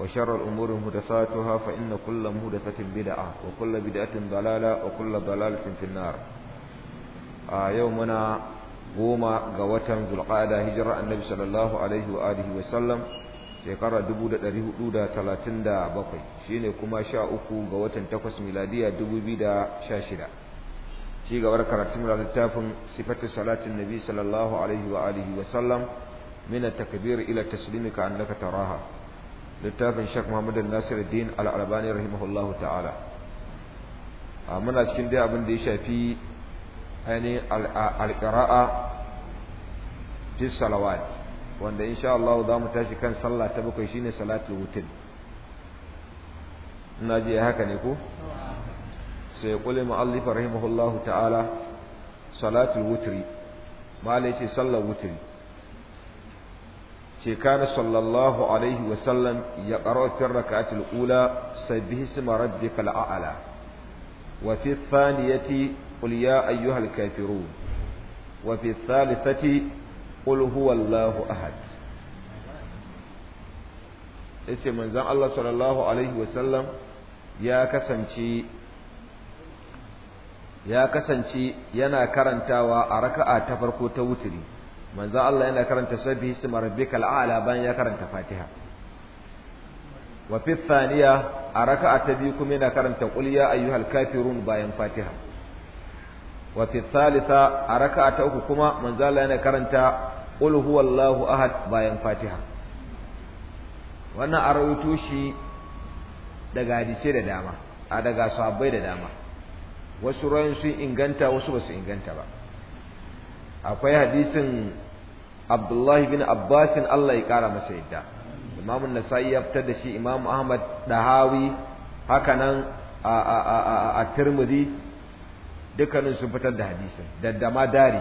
وشر الأمور مهدساتها فإن كل مهدسة بدعة وكل بدعة ضلالة وكل ضلالة في النار آه يومنا قوما قوتا ذو القعدة هجرة النبي صلى الله عليه وآله وسلم shekara 1437 shine kuma 13 ga watan 8 miladiya 2016 ci gaba da karatun littafin sifatu salatin nabi sallallahu alaihi wa alihi wa sallam min at ila taslimi ka annaka taraha littafin Sheikh Muhammad Nasiruddin Al-Albani rahimahullahu ta'ala muna cikin dai abin da ya shafi ainihin al-qira'a fi salawat wanda insha Allah za mu tashi kan sallah ta bakwai shine salatul wutr ina ji haka ne ko sai qul mu'allif rahimahullahu ta'ala salatul wutri malai ce sallar wutri ce kana sallallahu alaihi wa wasallam ya qara fi rak'ati al-ula sabbih isma rabbika al-a'la wa fi thaniyati qul ya ayyuha al-kafirun wa fi thalithati qul huwa allahu ahad yace manzon Allah sallallahu alaihi wasallam ya kasance ya kasance yana karantawa a raka'a ta farko ta wutiri manzo Allah yana karanta sabbi isma rabbikal a'la bayan ya karanta fatiha wa fi thaniya a raka'a ta biyu kuma yana karanta qul ya ayyuhal kafirun bayan fatiha wa fi thalitha a raka'a ta uku kuma manzo Allah yana karanta qul huwallahu ahad bayan fatiha wannan a shi daga hadisai da dama a daga sahabbai da dama wasu ruwan sun inganta wasu ba su inganta ba akwai hadisin Abdullahi bin Abbasin Allah ya kara masa yadda Imam Nasa'i ya fitar da shi Imam Ahmad Dahawi haka nan a a a a, a Tirmidhi dukkanin su fitar da hadisin da ma dari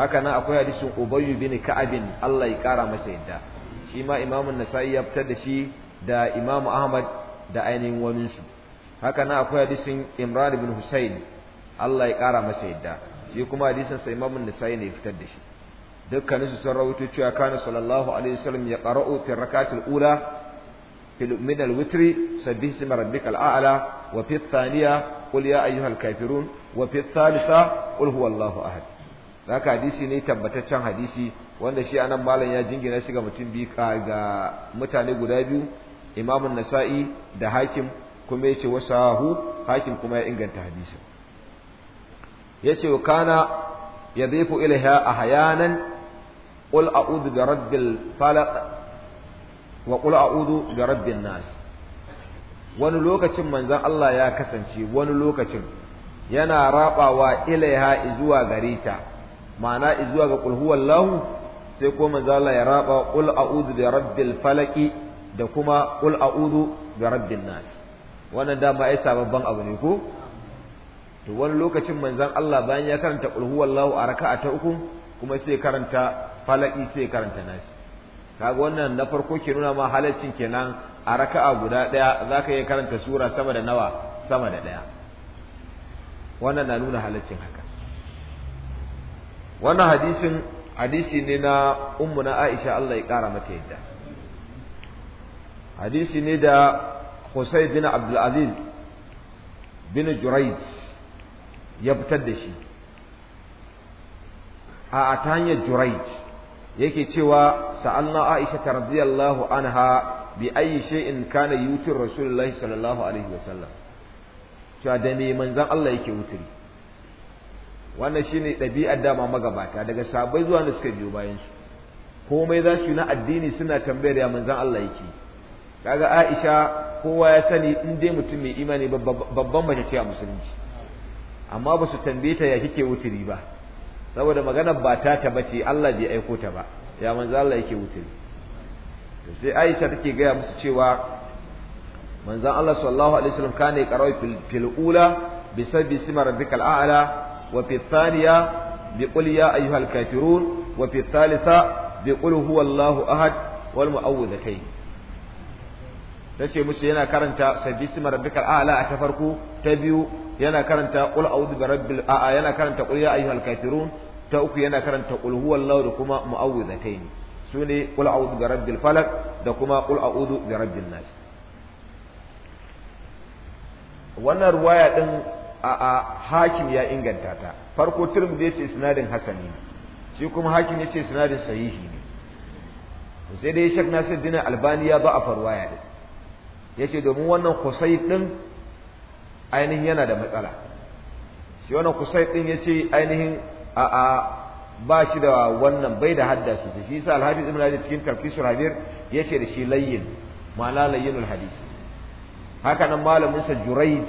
haka nan akwai hadisin Ubay bin Ka'ab Allah ya kara masa yadda shi ma Imam Nasa'i ya fitar da shi da Imam Ahmad da ainihin waninsu haka nan akwai hadisin Imran bin Husayn Allah ya kara masa yadda shi kuma hadisin sa Imam Nasa'i ne ya fitar da shi dukkanin su sun rawaito cewa kana sallallahu alaihi wasallam ya qara'u fi rakatil ula fil min al witri sabbih isma rabbikal a'la wa fi thaniya qul ya ayyuhal kafirun wa fi thalitha qul huwallahu ahad haka hadisi ne tabbataccen hadisi wanda shi anan malam ya jingina shi ga mutum biyu ga mutane guda biyu imamun nasa'i da hakim kuma yace wasahu hakim kuma ya inganta hadisin yace kana yadhifu ilaiha ahyanan قل أعوذ برب الفلق وقل أعوذ برب الناس wani lokacin manzon Allah ya kasance wani lokacin yana rabawa ilaiha zuwa ta, ma'ana zuwa ga qul huwallahu sai ko manzon Allah ya raba qul a'udhu bi rabbil falaq da kuma qul a'udhu bi rabbin nas wannan da ba ai sababban abu ne ko to wani lokacin manzon Allah bayan ya karanta qul huwallahu a raka'a ta uku kuma sai karanta falaki sai karanta nashi kaga wannan na farko ke nuna ma halaccin kenan a raka'a guda daya zaka iya karanta sura sama da nawa sama da daya wannan na nuna halaccin haka wannan hadisin hadisi ne na ummu na Aisha Allah ya kara mata yadda hadisi ne da Husayn bin Abdul Aziz bin Jurayj ya fitar da shi a ta hanyar Jurayj yake cewa sa'anna Aisha ta radiyallahu anha bi ayi shay'in kana yutir Rasulullahi sallallahu alaihi wasallam cewa da me manzon Allah yake wuturi wannan shine da dama magabata daga sabai zuwa da suka biyo bayan shi komai za su na addini suna tambayar ya manzan Allah yake kaga Aisha kowa ya sani in dai mutum mai imani babban mace ce a musulunci amma ba su tambaye ta ya kike wuturi ba saboda magana ba ta taba ce Allah bai aiko ta ba ya manzo Allah yake wuturi sai Aisha take gaya musu cewa manzo Allah sallallahu alaihi wasallam kana yaqra'u fil ula bi sabbi sima rabbikal a'la wa fi thaniya bi qul ya ayyuhal kafirun wa fi thalitha bi qul huwallahu ahad wal mu'awwidhatayn tace musu yana karanta sabbi sima rabbikal a'la a ta farko ta biyu yana karanta qul a'udhu birabbil a'a yana karanta qul ya ayyuhal kafirun ta uku yana karanta qul huwallahu da kuma mu'awwidhatayn sune qul a'udhu birabbil falaq da kuma qul a'udhu birabbin nas wannan ruwaya din a a hakim ya inganta ta farko turmi ya ce sinadin hasani ne shi kuma hakim ya ce sinadin sahihi ne sai dai shek nasir dina albani ya ba a farwaya din ya ce domin wannan kusai din ainihin yana da matsala shi wannan kusai din yace ainihin a a ba shi da wannan bai da hadda su shi yasa al hadith ibn hajar cikin tafsir habir yace da shi layyin ma'ana layyinul hadith haka nan malamin sa juraij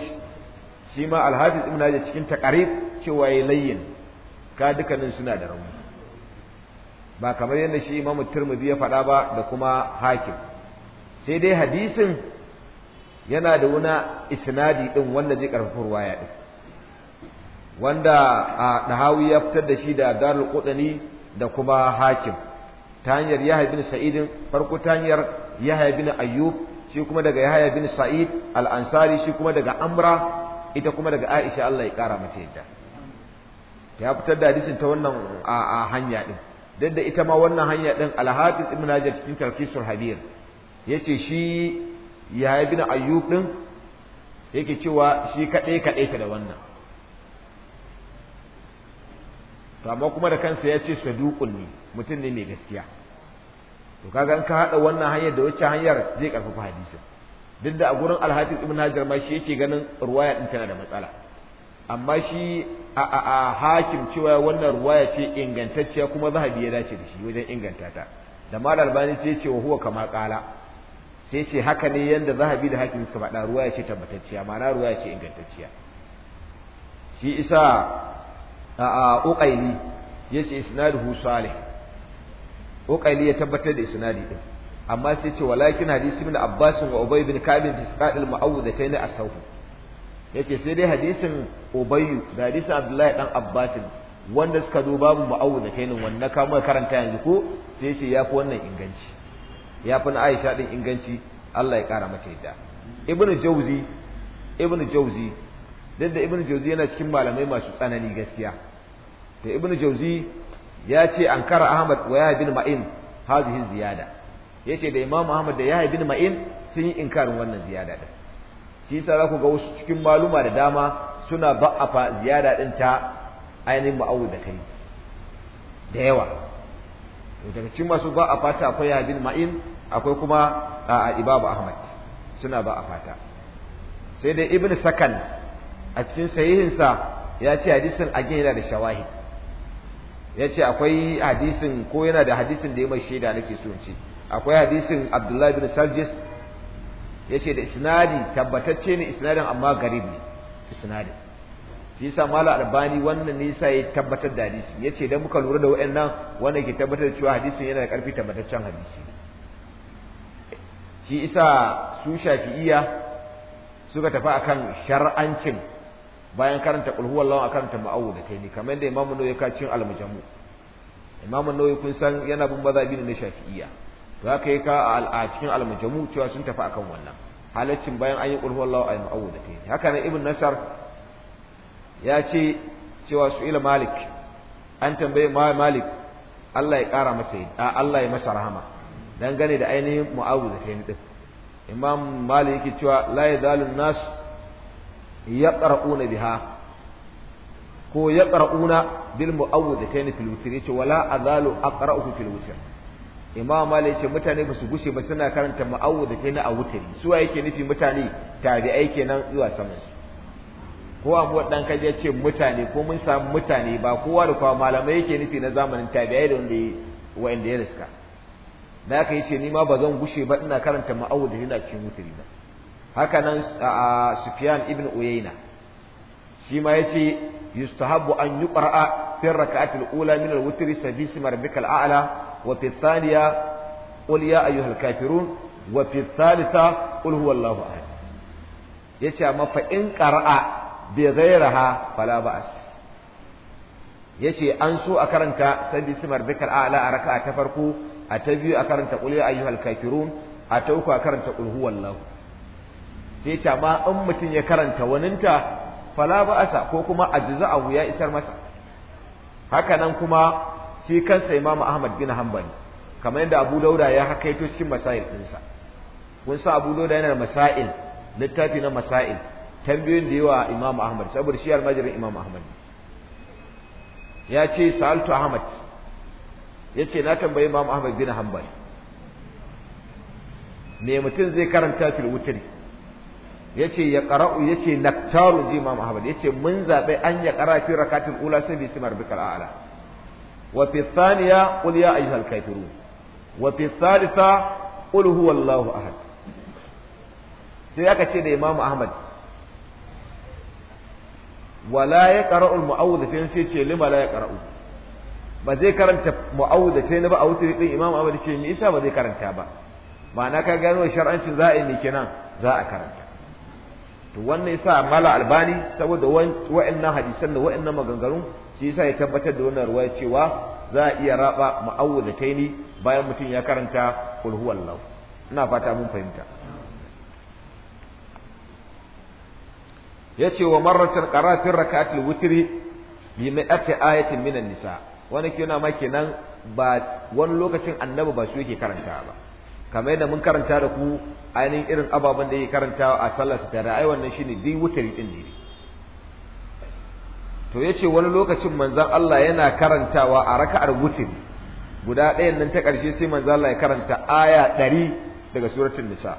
shi ma al hadith ibn hajar cikin taqrib cewa yayi layyin ka dukanin suna da rauni ba kamar yadda shi imamu tirmidhi ya faɗa ba da kuma hakim sai dai hadisin yana da wuna isnadi din wanda zai karfafa ruwaya din wanda a dahawi ya fitar da shi da darul qudani da kuma hakim ta hanyar yahya bin sa'id farko ta hanyar yahya bin ayyub shi kuma daga yahya bin sa'id al-ansari shi kuma daga amra ita kuma daga aisha Allah ya kara mata yadda ya fitar da hadisin ta wannan a hanya din dadda ita ma wannan hanya din al-hafiz ibn hajar cikin tafsir habir yace shi ya bin ayyub ɗin yake cewa shi kaɗai kaɗai ta da wannan amma kuma da kansa ya ce saduqun ne mutum ne mai gaskiya to kaga in ka haɗa wannan hanyar da wacce hanyar zai ƙarfafa hadisin duk da a gurin Alhaji ibn hajar ma shi yake ganin ruwaya ɗin tana da matsala amma shi a hakim cewa wannan ruwaya ce ingantacciya kuma zahabi ya dace da shi wajen inganta ta da malar bani ce wa huwa kama ƙala sai ce haka ne yanda zahabi da hakim suka faɗa ruwa ya ce tabbatacciya ma'ana ruwa ya ce ingantacciya shi isa a uqaili yace isnaduhu salih uqaili ya tabbatar da isnadi din amma sai ce walakin hadisi ibn abbas wa ubay bin ka'b fi isqad al mu'awwidatayn as-sawf yace sai dai hadisin ubay da hadisin abdullahi dan abbas wanda suka zo babu mu'awwidatayn wannan kamar karanta yanzu ko sai ce yafi wannan inganci ya fi na Aisha din inganci Allah ya kara mata yadda ibnu jauzi ibnu jauzi duk da ibnu jauzi yana cikin malamai masu tsanani gaskiya da ibnu jauzi ya ce an kara ahmad wa yahya bin ma'in hadhihi ziyada ya ce da imam ahmad da yahya bin ma'in sun yi inkarin wannan ziyada din shi yasa za ku ga wasu cikin maluma da dama suna ba'afa ziyada din ta ainihin ma'awu da kai da yawa daga cikin masu a fata akwai yahya bin ma'in akwai kuma a ibabu ahmad suna ba a fata sai dai ibn sakan a cikin sahihinsa ya ce hadisin agin yana da shawahi ya ce akwai hadisin ko yana da hadisin da ya mai shaida nake so ce akwai hadisin abdullahi bin saljis ya ce da isnadi tabbatacce ne isnadin amma garib ne isnadi shi yasa mala albani wannan ne yasa ya tabbatar da hadisi ya ce dan muka lura da wa'annan wanda ke tabbatar da cewa hadisin yana da karfi tabbataccen hadisi shi isa su shafi'iya suka tafi akan shar'ancin bayan karanta kulhu wallahu akan ta ma'awuda kai ni kamar da imamu nawawi ka cin almujamu imamu nawawi kun san yana bin mazhabi ne na shafi'iya to haka yi ka a cikin almujamu cewa sun tafi akan wannan halaccin bayan an yi wallahu ayi ay ma'awuda kai ni haka ne ibn nasar ya ce cewa su ila malik an tambaye malik Allah ya kara masa Allah ya masa rahama dangane da ainihin mu'awiz kai ni din imam malik yake cewa la yazalu nas yaqra'una biha ko yaqra'una bil mu'awiz kai ni fil witr yace wala azalu aqra'uhu fil witr imam malik yace mutane ba su gushe ba suna karanta mu'awiz kai ni a wutri suwa yake nufi mutane tabi'ai kenan zuwa saman su ko abu dan kaje yace mutane ko mun samu mutane ba kowa da kowa malamai yake nufi na zamanin tabi'ai da wanda wanda ya riska da haka yace ni ma zan gushe ba ina karanta ma'awud ina cikin wuturi ba haka nan Sufyan ibn Uyayna shi ma yace yustahabbu an yi fi rak'ati al-ula min al-wutri sabisi marbika al wa fi thaniya qul ya ayyuhal kafirun wa fi thalitha qul huwallahu ahad yace amma fa in bai bi ghayriha fala ba'as yace an so a karanta sabisi marbika al-a'la a raka'a ta farko a ta biyu a karanta ƙuli ya ayyuhal kafirun a ta uku a karanta ƙulhu wallahu. sai ta ma in mutum ya karanta waninta fala ba'asa ko kuma abu ya isar masa haka nan kuma shi kansa Imam Ahmad bin hanbal kamar yadda Abu Dauda ya hakaito cikin masail ɗinsa kun sa Abu Dauda yana da masail littafi na masail tambayoyin da yawa Imam Ahmad saboda shi almajirin Imam Ahmad ya ce sa'altu Ahmad yace na tambayi Imam Ahmad bin Hanbal me mutum zai karanta fil wutri yace ya qara'u yace naktaru ji Imam Ahmad yace mun zabe an ya qara fi rakatul ula sai bi simar bikal a'la wa fi thaniya qul ya ayyuhal kafirun wa fi thalitha qul huwallahu ahad sai aka ce da Imam Ahmad wala ya qara'u al mu'awwidh sai ce lima la ya qara'u ba zai karanta mu'awuda ne ba a wuturi din imam ahmad ce me isa ba zai karanta ba ma'ana ka gano shar'ancin za a yi kenan za a karanta to wannan yasa mala albani saboda wa'annan hadisan da wa'annan maganganu, shi yasa ya tabbatar da wannan ruwaya cewa za a iya raba mu'awuda ta bayan mutum ya karanta qul huwallahu ina fata mun fahimta yace wa marratan qara'atir rak'atil witri bi mi'ati ayatin minan nisa' wani ke ma kenan ba wani lokacin annabi ba su yake karanta ba kamar yadda mun karanta da ku ainihin irin ababen da yake karanta a sallar su tare ai wannan shine dai wutari din ne to yace wani lokacin manzon Allah yana karantawa a raka'ar wutari guda ɗayan nan ta ƙarshe sai manzon Allah ya karanta aya 100 daga suratul nisa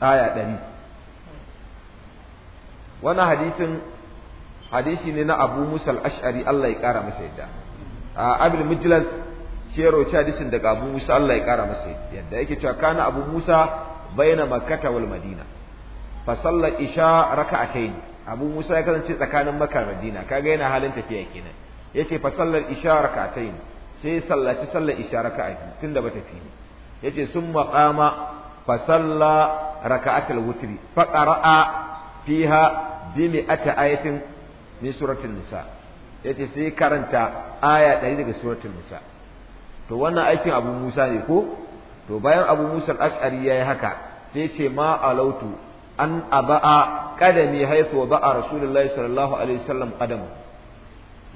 aya 100 wannan hadisin hadisi ne na Abu Musal al-Ash'ari Allah ya ƙara masa yadda abul mujlas shi ya hadisin daga abu musa Allah ya kara masa yadda yake cewa kana abu musa baina Makkah wal madina fa salla isha raka'atayn abu musa ya kasance tsakanin Makkah da madina kaga yana halin tafiya kenan yace fa sallar isha raka'atayn sai ya sallaci sallar isha raka'a tunda ba tafi yace summa qama fa salla raka'atul wutri fa qara'a fiha bi mi'ati ayatin min suratul nisa' yace sai karanta aya ɗari daga suratun Musa. to wannan aikin abu musa ne ko to bayan abu musa al ya yayi haka sai ce ma alautu an aba'a qadami haythu ba'a rasulullahi sallallahu alaihi wasallam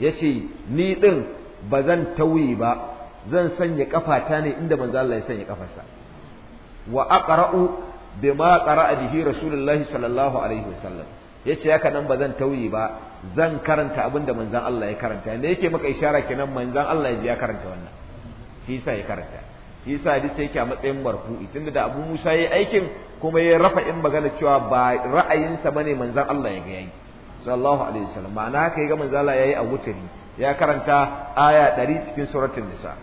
Ya yace ni ɗin ba zan tauye ba zan sanya kafata ne inda manzo Allah ya sanya kafarsa wa aqra'u bima qara'a bihi rasulullahi sallallahu alaihi wasallam ya ce haka nan ba zan tauye ba zan karanta abin da Allah ya karanta da yake maka ishara kenan manzan Allah ya ji ya karanta wannan shi yasa ya karanta shi yasa hadisi yake a matsayin marfu'i tunda da Abu Musa yayi aikin kuma ya rafa in magana cewa ba ra'ayinsa bane manzan Allah ya ga yayi sallallahu alaihi wasallam ma'ana haka ga manzan Allah yayi a wutari ya karanta aya 100 cikin suratul nisa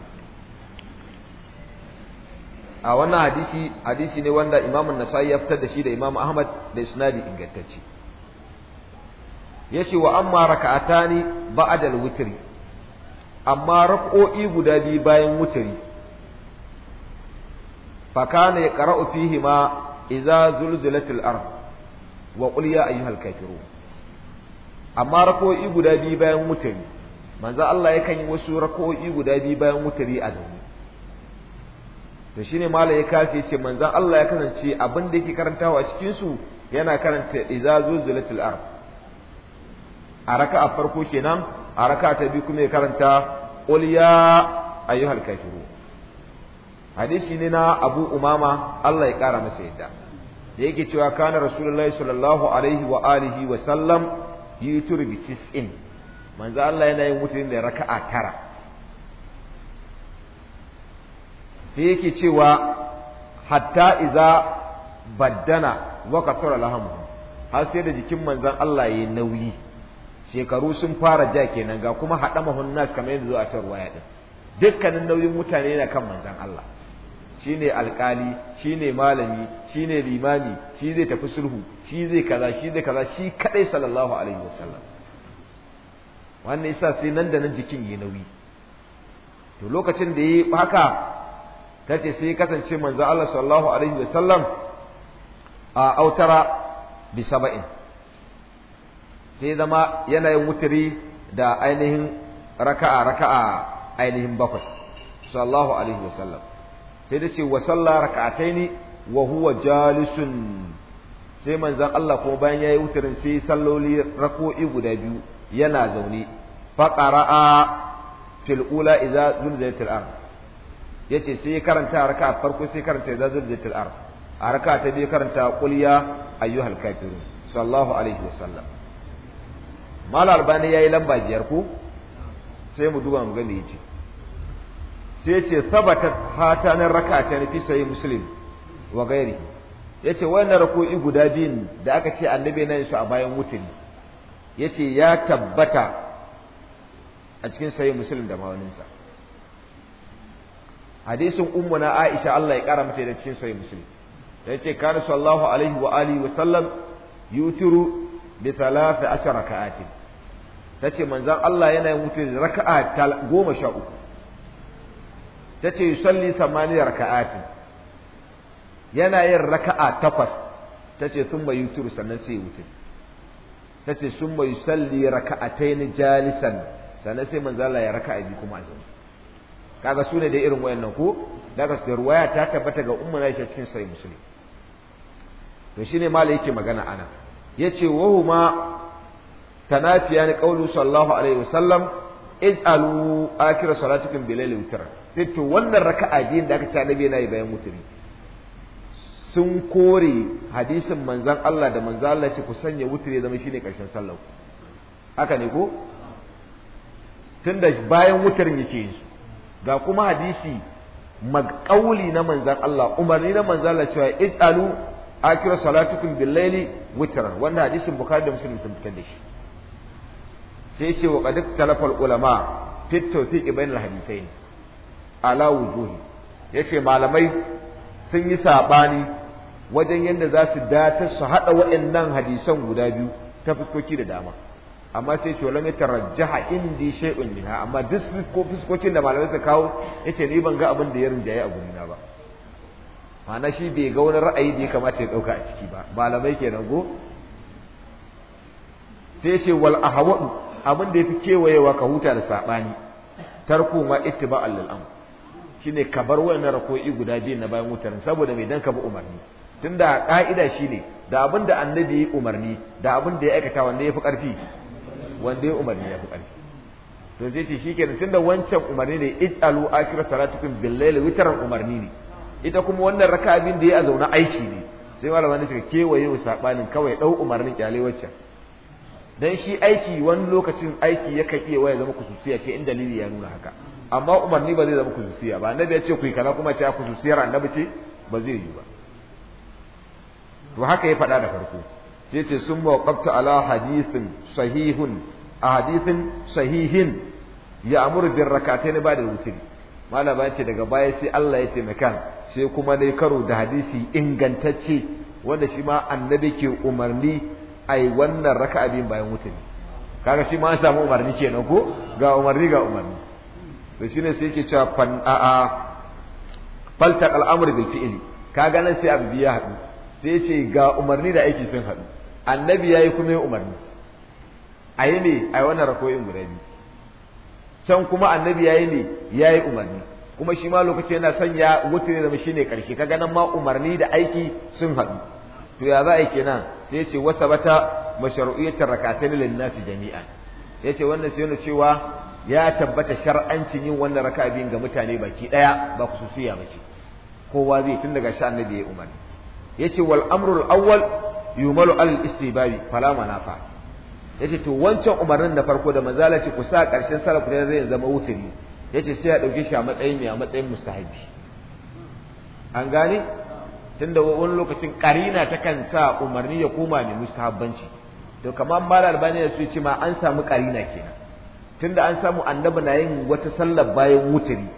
a wannan hadisi hadisi ne wanda Imam An-Nasa'i ya fitar da shi da Imam Ahmad da isnadi ingantacce yace wa amma raka'atani ba'dal witri amma rakao'i guda biyu bayan wutari fa kana yaqra'u fihi ma idza zulzilatil ard wa qul ya ayyuhal kafirun amma rakao'i guda biyu bayan wutari manzo Allah yakan yi wasu rakao'i guda biyu bayan wutari a zaune to shine malai ya kace ce manzo Allah ya kasance abin da yake karantawa cikin su yana karanta idza zulzilatil ard a raka'a farko kenan a raka'a ta biyu kuma ya karanta qul ya ayyuhal kafirun hadisi ne na Abu Umama Allah ya ƙara masa yadda da yake cewa kana rasulullahi sallallahu alaihi wa alihi wa sallam yutur bi tis'in manzo Allah yana yin wutrin da raka'a tara sai yake cewa hatta iza baddana wa kasara lahamu har sai da jikin manzon Allah yayi nauyi shekaru sun fara ja kenan ga kuma haɗa mahun nas kamar yadda zo a ta ruwaya din dukkanin nauyin mutane yana kan manzon Allah shine alƙali shine malami shine limami shi zai tafi sulhu shi zai kaza shi zai kaza shi kadai sallallahu alaihi wasallam wannan isa sai nan da nan jikin yayi nauyi to lokacin da yayi haka tace sai kasance manzan Allah sallallahu alaihi wasallam a autara bi saba'in sai zama yanayin wutiri da ainihin raka'a raka'a ainihin bakwai sallallahu alaihi wasallam sai da ce wa salla raka'ataini wa huwa jalisun sai manzon Allah ko bayan yayi wutirin sai salloli rako'i guda biyu yana zaune fa qara'a fil ula idza zulzilatil ard yace sai karanta raka'a farko sai karanta idza zulzilatil ard a raka'a ta biyu karanta qul ya ayyuhal kafirun sallallahu alaihi wasallam mala albani yayi lamba biyar ko sai mu duba mu ga me ce sai yace thabatat raka rak'atan fi sai muslim wa Ya ce wannan rako'i guda biyun da aka ce annabi nan su a bayan mutuni ce ya tabbata a cikin sai muslim da mawaninsa hadisin na aisha Allah ya kara mata da cikin sai muslim yace kana sallallahu alaihi wa alihi wa sallam yutiru bi thalath ashara ka'atin ta ce manzan Allah yana yin wuce da raka'a goma sha uku ta ce yusalli samaniya raka'atin yana yin raka'a takwas ta ce sun bai turu sannan sai wuce ta ce sun bai yusalli raka'atain jalisan sannan sai manzan Allah ya raka'a biyu kuma a zaune kaga su ne da irin wayannan ko da ka sayar waya ta tabbata ga na Aisha cikin sai musulmi to shine malai yake magana ana yace wahuma tanafiya ne qaulu sallallahu alaihi wasallam ij'alu akhir salatikum bilayl witr sai to wannan raka'a din da aka ci annabi yana yi bayan wutri sun kore hadisin manzan Allah da manzan Allah ce ku sanya wutri ya zama shine karshen sallar haka ne ko tunda bayan wutar yake yin ga kuma hadisi magƙauli na manzan Allah umarni na manzan Allah cewa ij'alu akira salatukum bil laili witran wannan hadisin bukhari da muslim sun fitar da shi sai ce wa talafal ulama fit tawfiq bainal hadithain ala wujuhi yace malamai sun yi sabani wajen yadda za su datar su haɗa waɗannan hadisan guda biyu ta fuskoki da dama amma sai ce walam yatarajjaha indi shay'un minha amma duk ko fuskokin da malamai su kawo yace ni ban ga abin da ya rinjaye a gurina ba ma'ana shi bai ga wani ra'ayi da ya kamata ya ɗauka a ciki ba malamai kenan go sai ce wal ahwa'u abin da ya fi kewayewa ka huta da saɓani tarku ma ittiba allal shi shine ka bar wannan rako'i guda biyu na bayan wutar saboda mai dan ka bi umarni tunda ka'ida shine da abin da annabi ya yi umarni da abin da ya aikata wanda ya fi ƙarfi wanda ya umarni ya fi ƙarfi to sai ce shikenan tunda wancan umarni ne ij'alu akhir salatikum bil witran umarni ne ita kuma wannan raka'a da ya zauna aiki ne sai malama ne suka kewaye sabanin kawai dau umarnin kyale waccan dan shi aiki wani lokacin aiki yakan iya waya zama kususiya ce in dalili ya nuna haka amma umarni ba zai zama kususiya ba annabi ya ce ku yi kaza kuma ta ah, kususiyar annabi ce ba zai yi ba to haka ya faɗa da farko sai ce sun mawqafta ala hadithin sahihun a hadithin sahihin ya amuru bin rakatain ba da wutiri malama ce daga baya sai Allah ya taimaka sai kuma dai karo da hadisi ingantacce wanda shi ma annabi ke umarni ai wannan raka'a abin bayan wuturi kaga shi ma an samu umarni kenan ko ga umarni ga umarni to shine sai yake cewa fan a a faltaq al'amru bil fi'li kaga nan sai abu ya haɗu sai yace ga umarni da aiki sun haɗu annabi yayi kuma ya umarni ayi ne ai wannan rakoyin guda biyu can kuma annabi yayi ne yayi umarni kuma shi ma lokaci yana sanya ne da shine karshe kaga nan ma umarni da aiki sun haɗu to ya za a yi kenan sai ya ce wasa bata mashru'iyyatar rak'atayn lin nasi jami'an yace wannan sai yana cewa ya tabbata shar'ancin yin wannan raka biyun ga mutane baki daya ba kususiya baki, kowa zai tun daga sha annabi ya umar yace wal amrul awwal yumalu al istibabi fala manafa yace to wancan umarnin na farko da manzala ce ku sa karshen salaf da zai zama wuturi yace sai ya dauke shi a matsayin mai a matsayin mustahabi an gane tunda wani lokacin karina takan sa umarni ya koma ne mustahabbanci to kamar mar'a albani ya ce ma an samu karina kenan tunda an samu annabi na yin wata sallar bayan wuturi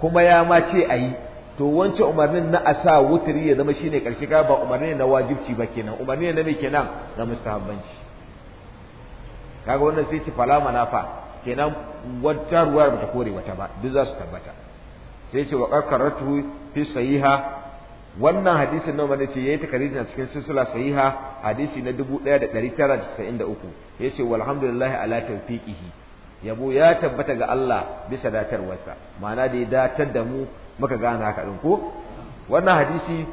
kuma ya ma ce ayi to wancan umarnin na a sa wuturi ya zama shine karshe ka ba umarni na wajibci ba kenan umarni na me kenan na mustahabbanci kaga wannan sai ce fala manafa kenan wata ruwa ba ta kore wata ba duk za su tabbata sai ce wa karatu fi sahiha wannan hadisin nawa ne ce yayi takaririn a cikin silsila sahiha hadisi na 1993 yace walhamdulillah ala tawfiqihi yabo ya tabbata ga Allah bisa datarwarsa ma'ana da ya datar da mu muka gane haka din ko wannan hadisi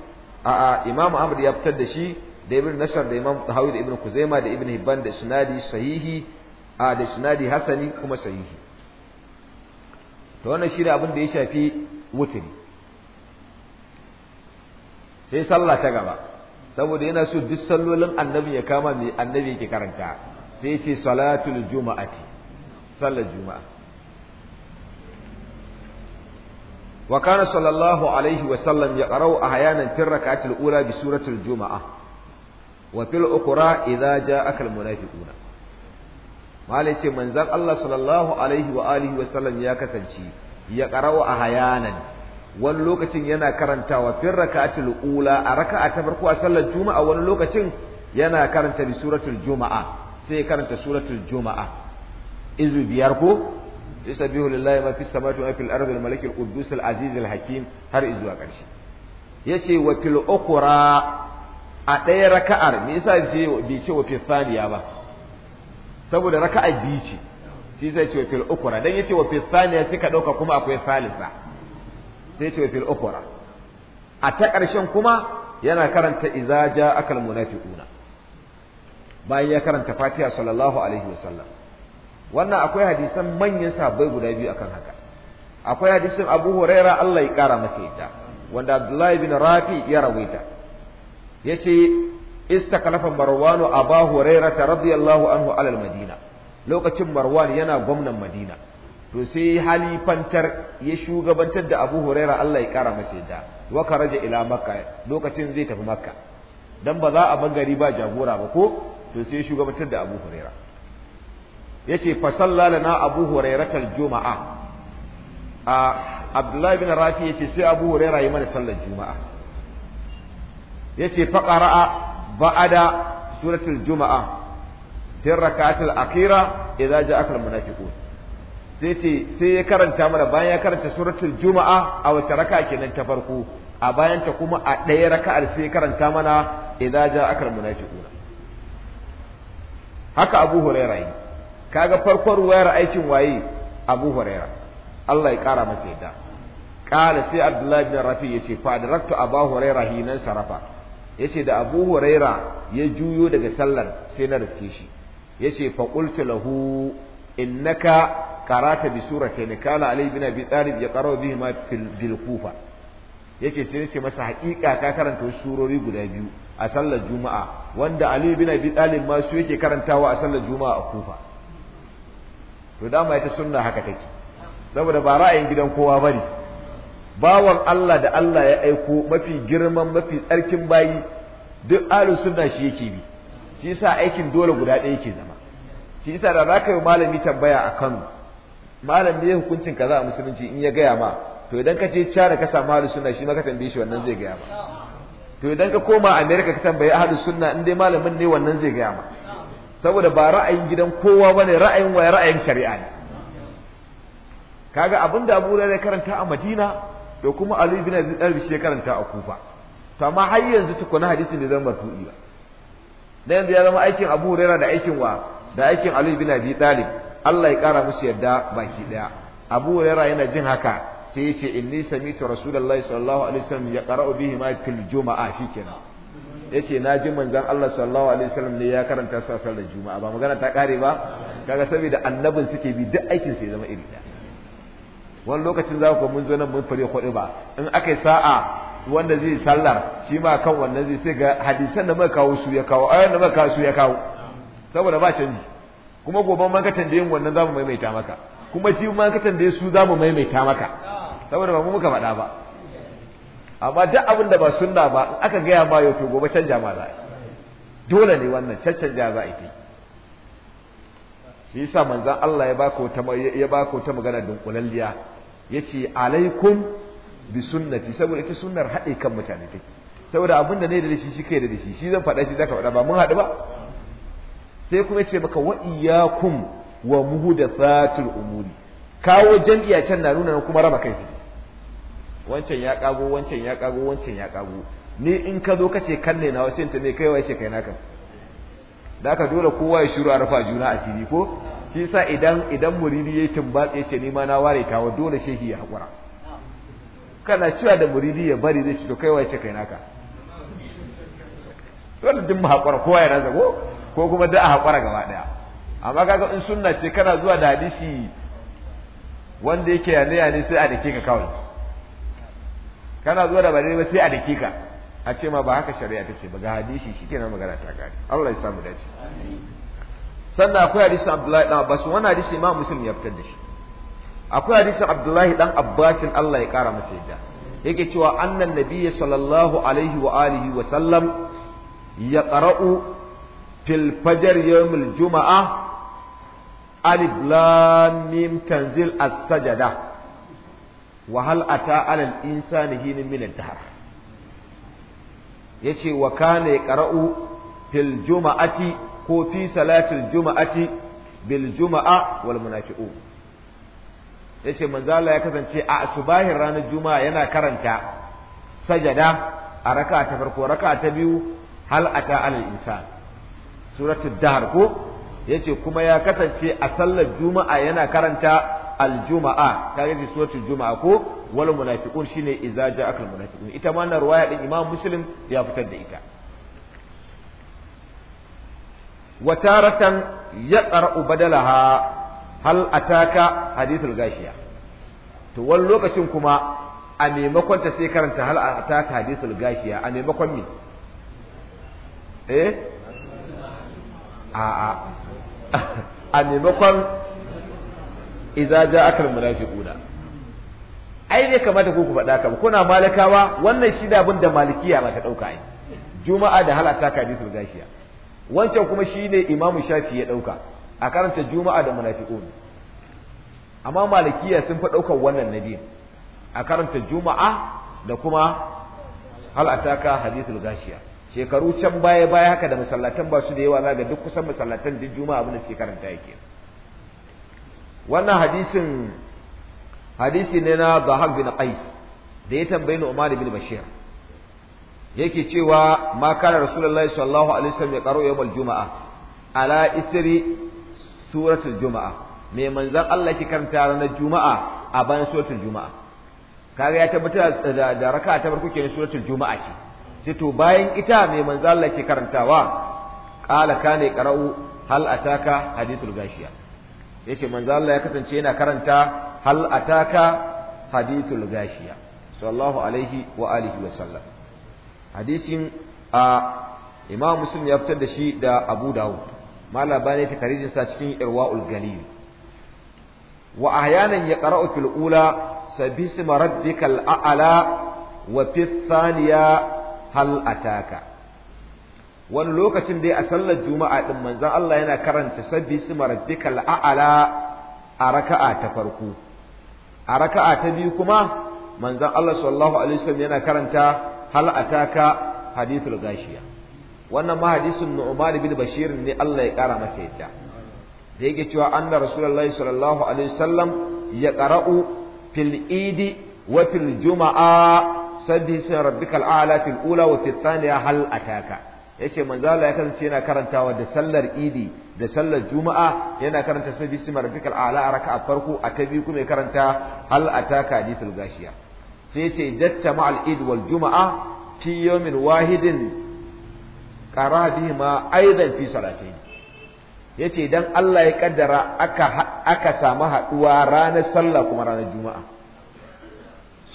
a Imam Ahmad ya fitar da shi da Ibn Nasr da Imam Tahawi da Ibn Kuzaima da Ibn Hibban da Sunadi sahihi a da Sunadi hasani kuma sahihi to wannan shi ne abin da ya shafi wuturi sai sallah ta gaba saboda yana so duk sallolin annabi ya kama mai annabi yake karanta sai ce salatul juma'ati sallar juma'a wa kana sallallahu alaihi wa sallam ya qara'u ahyanan fi rak'atil ula bi suratul juma'a wa fil ukhra idza ja'aka al munafiquna malai ce manzon Allah sallallahu alaihi wa alihi wa sallam ya kasance ya qara'u ahyanan wani lokacin yana karantawa fil rak'atil ula a raka'a ta farko a sallar juma'a wani lokacin yana karanta bi suratul juma'a sai karanta suratul juma'a izu biyar ko yusabbihu lillahi ma fis samawati wa fil ardi al malik al quddus al aziz al hakim har izuwa karshe yace wa fil ukhra a ɗaya raka'ar me yasa bai ce wa fil thaniya ba saboda raka'a biyu ce shi sai ce wa fil ukhra dan yace wa fil thaniya sai ka dauka kuma akwai salisa sai ce fil ukhra a ta ƙarshen kuma yana karanta izaja ja'aka al munafiquna bayan ya karanta Fatiha sallallahu alaihi wasallam wannan akwai hadisan manyan sahabbai guda biyu akan haka akwai hadisin Abu Huraira Allah ya kara masa yadda wanda Abdullahi bin Rafi ya rawaita yace istakalafa Marwanu Abu Huraira radiyallahu anhu alal Madina lokacin Marwan yana gwamnan Madina to sai halifantar ya shugabantar da Abu Huraira Allah ya kara masa yadda wa karaja ila Makka lokacin zai tafi Makka dan ba za a bar gari ba jagora ba ko to sai shugabantar da Abu Huraira yace fa sallalana na Abu Hurairatal Juma'a a abdullahi ibn Rafi yace sai Abu Huraira yi mana sallar Juma'a yace fa qara'a ba'ada suratul Juma'a fi rakatil akhira idza ja'aka al munafiqun sai ce sai ya karanta mana bayan ya karanta suratul juma'a a wata raka'a kenan ta farko a bayanta kuma a ɗaya raka'ar sai ya karanta mana idza ja akal munafiquna haka abu huraira yi kaga farkon ruwayar aikin waye abu huraira Allah ya kara masa yadda qala sai abdullahi bin rafi yace fa adraktu abu huraira hinan sarafa yace da abu huraira ya juyo daga sallar sai na riske shi yace fa qultu lahu innaka karata bi suratayn kana ali bin abi talib ya qara bihi ma fil yace sai ce masa haƙiƙa ka karanta wasu surori guda biyu a sallar juma'a wanda ali bin abi talib ma su yake karantawa a sallar juma'a a kufa to dama ita sunna haka take saboda ba ra'ayin gidan kowa bane bawan Allah da Allah ya aiko mafi girman mafi tsarkin bayi duk alu sunna shi yake bi shi yasa aikin dole guda ɗaya yake zama shi yasa da zaka yi malami tambaya a Kano malam ne hukuncin kaza a musulunci in ya gaya ma to idan ka je cara ka samu ahlus sunna shi ma ka tambaye shi wannan zai gaya ma to idan ka koma america ka tambaye ahlus sunna in dai malamin ne wannan zai gaya ma saboda ba ra'ayin gidan kowa bane ra'ayin waya ra'ayin shari'a ne kaga abinda Abu Hurairah karanta a Madina da kuma Ali bin Abi Talib shi ya karanta a Kufa to amma har yanzu tukuna hadisin da zan tu'i ba dan yanzu ya zama aikin Abu Hurairah da aikin wa da aikin Ali bin Abi Talib Allah ya kara musu yarda baki daya Abu Huraira yana jin haka sai ya ce inni samitu Rasulullahi sallallahu alaihi wasallam ya qara'u bihi ma fil juma'a shikenan yace na ji manzon Allah sallallahu alaihi wasallam ne ya karanta su a sallar juma'a ba magana ta kare ba kaga saboda annabin suke bi duk aikin sai zama iri daya wani lokacin za ku mun zo nan mun fare kuɗi ba in aka yi sa'a wanda zai sallar shi ma kan wannan zai sai ga hadisan da muka kawo su ya kawo ayyan da muka kawo su ya kawo saboda ba canji kuma gobe ma ka tambaye mu wannan zamu maimaita maka kuma shi ma ka tambaye su zamu maimaita maka saboda ba mu muka faɗa ba amma duk abin da ba sunna ba in aka gaya ma yau to gobe canja ma za dole ne wannan caccanja za a yi shi yasa manzon Allah ya baka ta ya baka ta magana dunkulalliya yace alaikum bi sunnati saboda ita sunnar haɗe kan mutane take saboda abin da ne da shi shi kai da shi shi zan faɗa shi zaka faɗa ba mun haɗu ba sai kuma ce maka wa iyyakum wa muhdathatil umuri kawo jam'iya can na nuna kuma raba kai wancan ya kago wancan ya kago wancan ya kago ni in ka zo ka ce kan ne na wasu ta ne kai wace kai naka da aka dole kowa ya shiru a rafa juna asiri ko shi sa idan idan muridi yayi ya ce ni ma na ware kawo dole shehi ya hakura kana cewa da muridi ya bari zai ce to kai wace kai naka dole duk mu hakura kowa ya raza ko kuma da a haƙura gaba ɗaya amma kaga in sunna ce kana zuwa da hadisi wanda yake yane yane sai a dake ka kawai kana zuwa da bare ba sai a dake ka a ce ma ba haka shari'a ta ce ba ga hadisi shikenan magana ta gari Allah ya samu dace sannan akwai hadisin Abdullahi dan Abbas wannan hadisi ma Muslim ya fitar da shi akwai hadisin Abdullahi dan Abbas Allah ya kara masa yadda yake cewa annan nabiyyi sallallahu alaihi wa alihi wa sallam ya qara'u fil fajar juma'a alif lam mim tanzil as-sajada wa hal ata alal insani hin min ad-dahr yace wa kana yaqra'u fil juma'ati ko fi salatil juma'ati bil juma'a wal munafiqun yace manzo Allah ya kasance a asubahin ranar juma'a yana karanta sajada a raka ta farko raka ta biyu hal ata alal insani suratul dahar ko yace kuma ya kasance a sallar juma'a yana karanta aljuma'a ta yaji suratul juma'a ko wal munafiqun shine idza ja'aka al munafiqun ita ma wannan riwaya din imam muslim ya fitar da ita wa taratan yaqra'u badalaha hal ataka hadithul gashiya to wani lokacin kuma a maimakon ta sai karanta hal ataka hadithul gashiya a maimakon me eh a'a a maimakon idza ja'aka almunafiquna ai ne kamata ku ku faɗa ka kuna malakawa wannan shi da abin da malikiya ba ta dauka ai juma'a da halata ka hadisul gashiya wancan kuma shi ne imamu shafi ya dauka a karanta juma'a da munafiqun amma malikiya sun fa daukar wannan nabi a karanta juma'a da kuma hal ataka hadithul gashiya shekaru can baya baya haka da masallatan ba su da yawa zaga duk kusan masallatan duk juma'a abin da suke karanta yake wannan hadisin hadisi ne na Zahab bin Qais da ya tambayi Umar bin Bashir yake cewa ma kana rasulullahi sallallahu alaihi wasallam ya karo yawmal juma'a ala isri suratul juma'a me manzon Allah ki karanta ranar juma'a a bayan suratul juma'a kaga ya tabbatar da raka'a ta farko kenan suratul juma'a ce sai to bayan ita mai manzo Allah ke karantawa qala kana qara'u hal ataka hadithul gashiya yace manzo Allah ya kasance yana karanta hal ataka hadithul gashiya sallallahu alaihi wa alihi wa sallam hadisin a Imam Muslim ya fitar da shi da Abu Dawud malaba ne takarijin sa cikin Irwaul Galil wa ahyanan ya qara'u fil ula sabisma rabbikal a'la wa fis thaniya hal ataka wani lokacin dai a sallar juma'a din manzon Allah yana karanta sabbi isma rabbikal a raka'a ta farko a raka'a ta biyu kuma manzon Allah sallallahu alaihi wasallam yana karanta hal ataka hadithul gashiya wannan ma hadisin Nu'man bin Bashir ne Allah ya kara masa yadda da yake cewa anna rasulullahi sallallahu alaihi wasallam ya qara'u fil idi wa fil juma'a sabbi ismi rabbikal a'la fil ula wa fil thaniya hal ataka yace manzo Allah ya kasance yana karantawa da sallar idi da sallar juma'a yana karanta sabbi ismi rabbikal a'la a raka'a farko a ta biyu kuma ya karanta hal ataka hadithul gashiya sai yace datta ma'al id wal juma'a fi yawmin wahidin qara bihima aidan fi salatayn yace dan Allah ya kaddara aka aka samu haduwa ranar sallah kuma ranar juma'a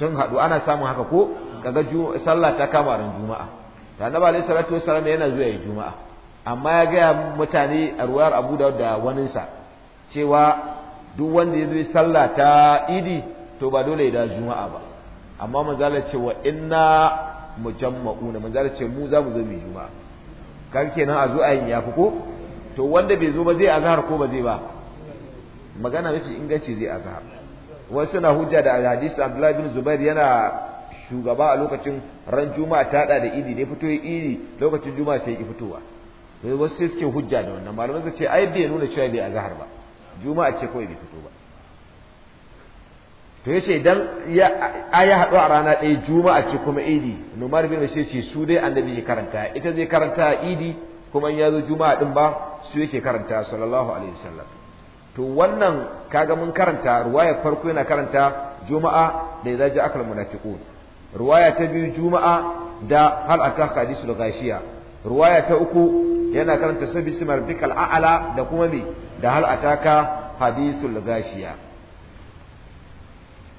sun haɗu ana samun haka ko kaga sallah ta kama ran juma'a da annabi alaihi salatu wasallam yana zuwa yi juma'a amma ya gaya mutane a ruwayar abu da da waninsa cewa duk wanda ya zo sallah ta idi to ba dole ya da juma'a ba amma manzala ce wa inna mujamma'una manzala ce mu za mu zo mu juma'a kan kenan a zo a yin yafi ko to wanda bai zo ba zai azhar ko ba zai ba magana mafi inganci zai azhar wasu na hujja da hadisi Abdullahi bin Zubair yana shugaba a lokacin ran juma'a ta da idi ne fito idi lokacin juma'a sai ki fitowa wasu sai suke hujja da wannan malamai sai ce ai bai nuna cewa bai azhar ba juma'a ce kawai bai fito ba to yace idan ya aya hadu a rana ɗaya juma'a ce kuma idi numar bin shi ce su dai annabi ya karanta ita zai karanta idi kuma in ya zo juma'a din ba su yake karanta sallallahu alaihi wasallam to wannan kaga mun karanta ruwaya farko yana karanta juma'a da idza akal munafiqun ruwaya ta biyu juma'a da hal ataka hadisul ghashiya ruwaya ta uku yana karanta sabisi marbikal a'ala da kuma me da hal ataka hadisul ghashiya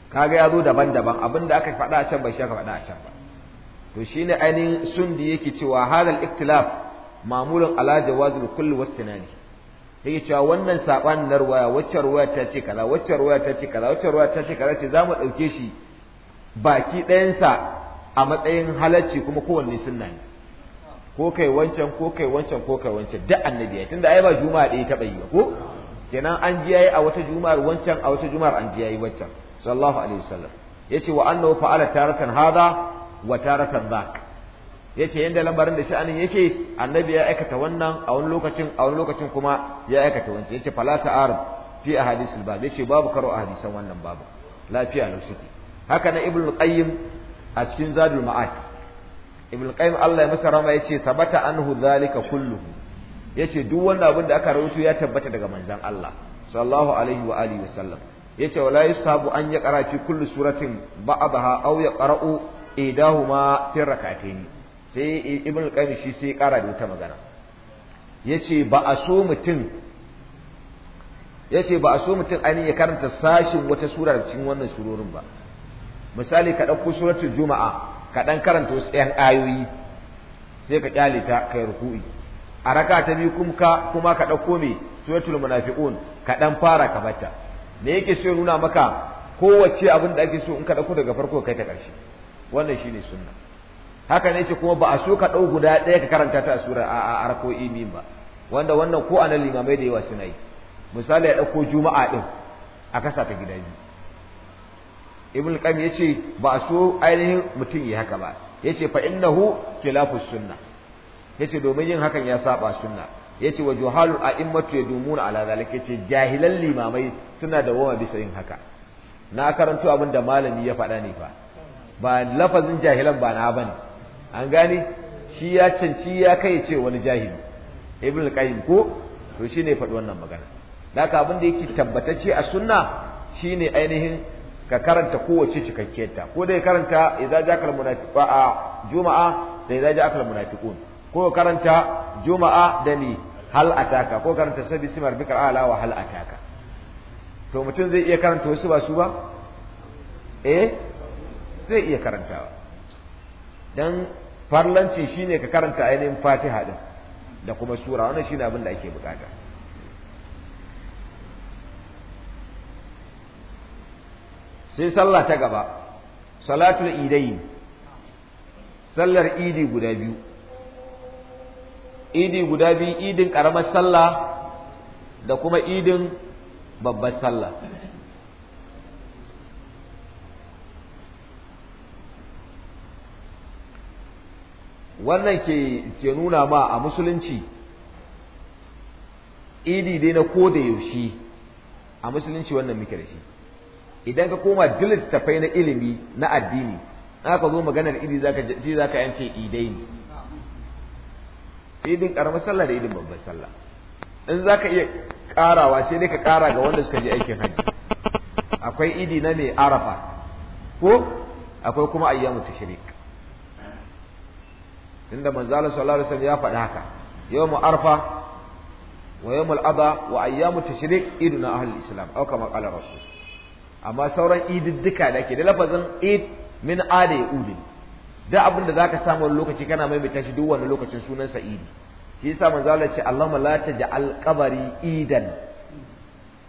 kaga yazo daban-daban abinda aka faɗa a can bai shaka faɗa a can ba to shine ainihin da yake cewa halal iktilaf mamulun ala jawazul kulli wastinani sai cewa wannan saban na ruwaya wacce ruwaya ta ce kaza wacce ruwaya ta ce kaza wacce ruwaya ta ce kaza ce zamu dauke shi baki ɗayansa a matsayin halacci kuma kowanne sunna ne ko kai wancan ko kai wancan ko kai wancan duk annabi ya tunda ai ba juma'a ɗaya taɓa yi ba ko kenan an ji yayi a wata juma'ar wancan a wata juma'ar an ji yayi wancan sallallahu alaihi wasallam yace wa annahu fa'ala taratan hadha wa taratan dhak yace yanda lambarin da sha'anin yake annabi ya aikata wannan a wani lokacin a wani lokacin kuma ya aikata wancan yace fala ta'arud fi ahadisul bab yace babu karo a hadisan wannan babu lafiya lau suke haka na ibnu qayyim a cikin zadul ma'ad ibnu qayyim Allah ya masa rama yace tabata anhu zalika kulluhu yace duk wannan abin da aka rawaito ya tabbata daga manzon Allah sallallahu alaihi wa alihi wasallam yace wala yusabu an ya qara fi kulli suratin ba'daha aw ya qara'u idahuma fi rak'atayn sai ibn qayyim shi sai kara da wata magana yace ba a so mutum yace ba a so mutum ani ya karanta sashin wata sura da cikin wannan surorin ba misali ka dauko suratul juma'a ka dan karanta wasu ɗayan ayoyi sai ka kyale ta kai ruku'i a raka ta biyu kuma kuma ka ɗauko me suratul munafiqun ka dan fara ka bata me yake so nuna maka kowace abin da ake so in ka dauko daga farko kai ta ƙarshe wannan shine sunna haka ne ce kuma ba a so ka ɗau guda ɗaya ka karanta ta a sura a arko imi ba wanda wannan ko anan limamai da yawa suna yi misali ya ɗauko juma'a ɗin a kasa ta gida biyu ibn qayyim yace ba a so ainihin mutum yi haka ba yace fa innahu khilafu sunna yace domin yin hakan ya saba sunna yace wa juhalul a'immatu yadumuna ala zalika yace jahilan limamai suna da wama bisa yin haka na karanto abin da malami ya faɗa ne fa ba lafazin jahilan ba na bane an gane shi ya canci ya kai ce wani jahili ibn al-qayyim ko to shine faɗi wannan magana haka abin da yake tabbatacce a sunna shine ainihin ka karanta kowace cikakkiyar ta ko dai karanta idza ja'al munafiqa a juma'a da idza ja'al munafiqun ko karanta juma'a da ni hal ataka ko karanta sabbi simar bikar ala wa hal ataka to mutum zai iya karanta wasu ba su ba eh zai iya karantawa dan farlanci shine ka karanta ainihin fatiha din da kuma sura wannan shine abin da ake bukata sai sallah ta gaba salatul idai sallar idi guda biyu idi guda biyu idin karamar sallah da kuma idin babbar sallah wannan ke ke nuna ma a musulunci idi dai na ko da yaushe a musulunci wannan muke da shi idan ka koma dilit tafai na ilimi na addini aka zo maganar idi zaka ka zaka yance idai ne idin karamar sallah da idin babbar sallah in za ka iya karawa sai dai ka kara ga wanda suka je aikin hajji akwai idi na mai arafa ko akwai kuma ayyamu tashrik tunda manzo Allah sallallahu alaihi wasallam ya faɗi haka yawmu arfa wa yawmul adha wa ayyamu tashrik iduna ahlul islam aw kama qala rasul amma sauran ididdika da ke da lafazin id min ada ya udin da abin da zaka samu lokaci kana maimaita shi duk wani lokacin sunan sa idi shi yasa manzo Allah ce Allahumma la taj'al idan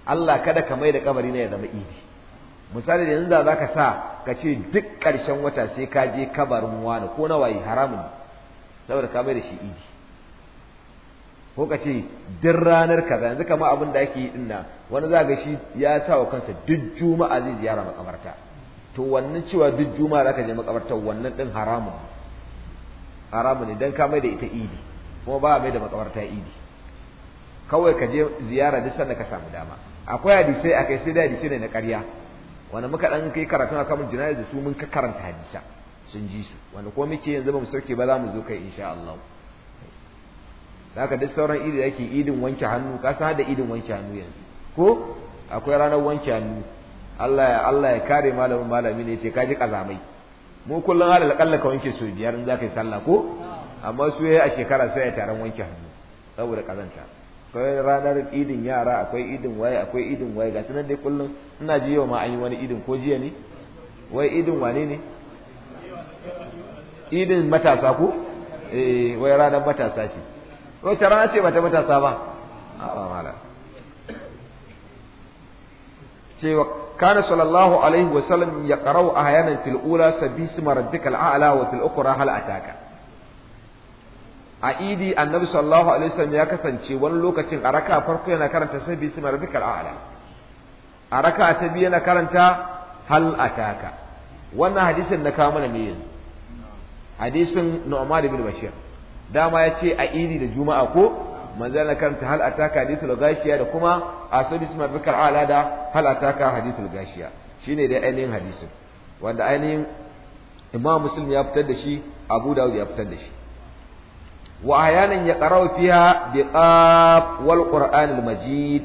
Allah kada ka mai da kabari na ya zama idi misali da yanzu da zaka sa ka ce duk ƙarshen wata sai ka je kabarin wani ko na waye haramun saboda ka mai da shi idi ko ka ce duk ranar kaza yanzu kama abin da ake yi din nan wani za ga shi ya sa wa kansa duk juma'a zai ziyara makabarta to wannan cewa duk juma'a ka je makabarta wannan din haramun haramun ne dan ka mai da ita idi kuma ba mai da makabarta idi kawai ka je ziyara duk sanda ka samu dama akwai hadisai akai sai da hadisai ne na karya. Wani muka dan kai karatu akan mun jinayar da su mun ka karanta hadisa sun ji su wanda ko muke yanzu ba mu sauke ba za mu zo kai insha Allah haka duk sauran idi da ake idin wanke hannu ka san da idin wanke hannu yanzu ko akwai ranar wanke hannu Allah ya Allah ya kare malamin malami ne ce kaji kazamai mu kullun alal kalla ka wanke su biyar in za ka yi sallah ko amma su yayi a shekara sai ya taron wanke hannu saboda kazanta akwai ranar idin yara akwai idin waye akwai idin waye ga sanan dai kullun ina ji yau ma an yi wani idin ko jiya ne wai idin wane ne idin matasa ko eh wai ranar matasa ce wacce rana ce bata matasa ba a ah, ba mala cewa kana sallallahu alaihi wa sallam ya qara'u ahyanan fil ula sabisma rabbikal a'la wa fil ukhra hal ataka a idi annabi sallallahu alaihi wasallam ya kasance wani lokacin a raka farko yana karanta sabbi isma rabbikal a'la a raka ta biyu yana karanta hal ataka wannan hadisin na kawo mana ne yanzu hadisin Nu'man ibn Bashir dama ya ce a idi da juma'a ko manzo na karanta hal ataka hadithul gashiya da kuma asadi isma bikar ala da hal ataka hadithul gashiya shine da ainihin hadisin wanda ainihin Imam Muslim ya fitar da shi Abu Dawud ya fitar da shi wa ayanan ya qara'u fiha bi qaf wal al majid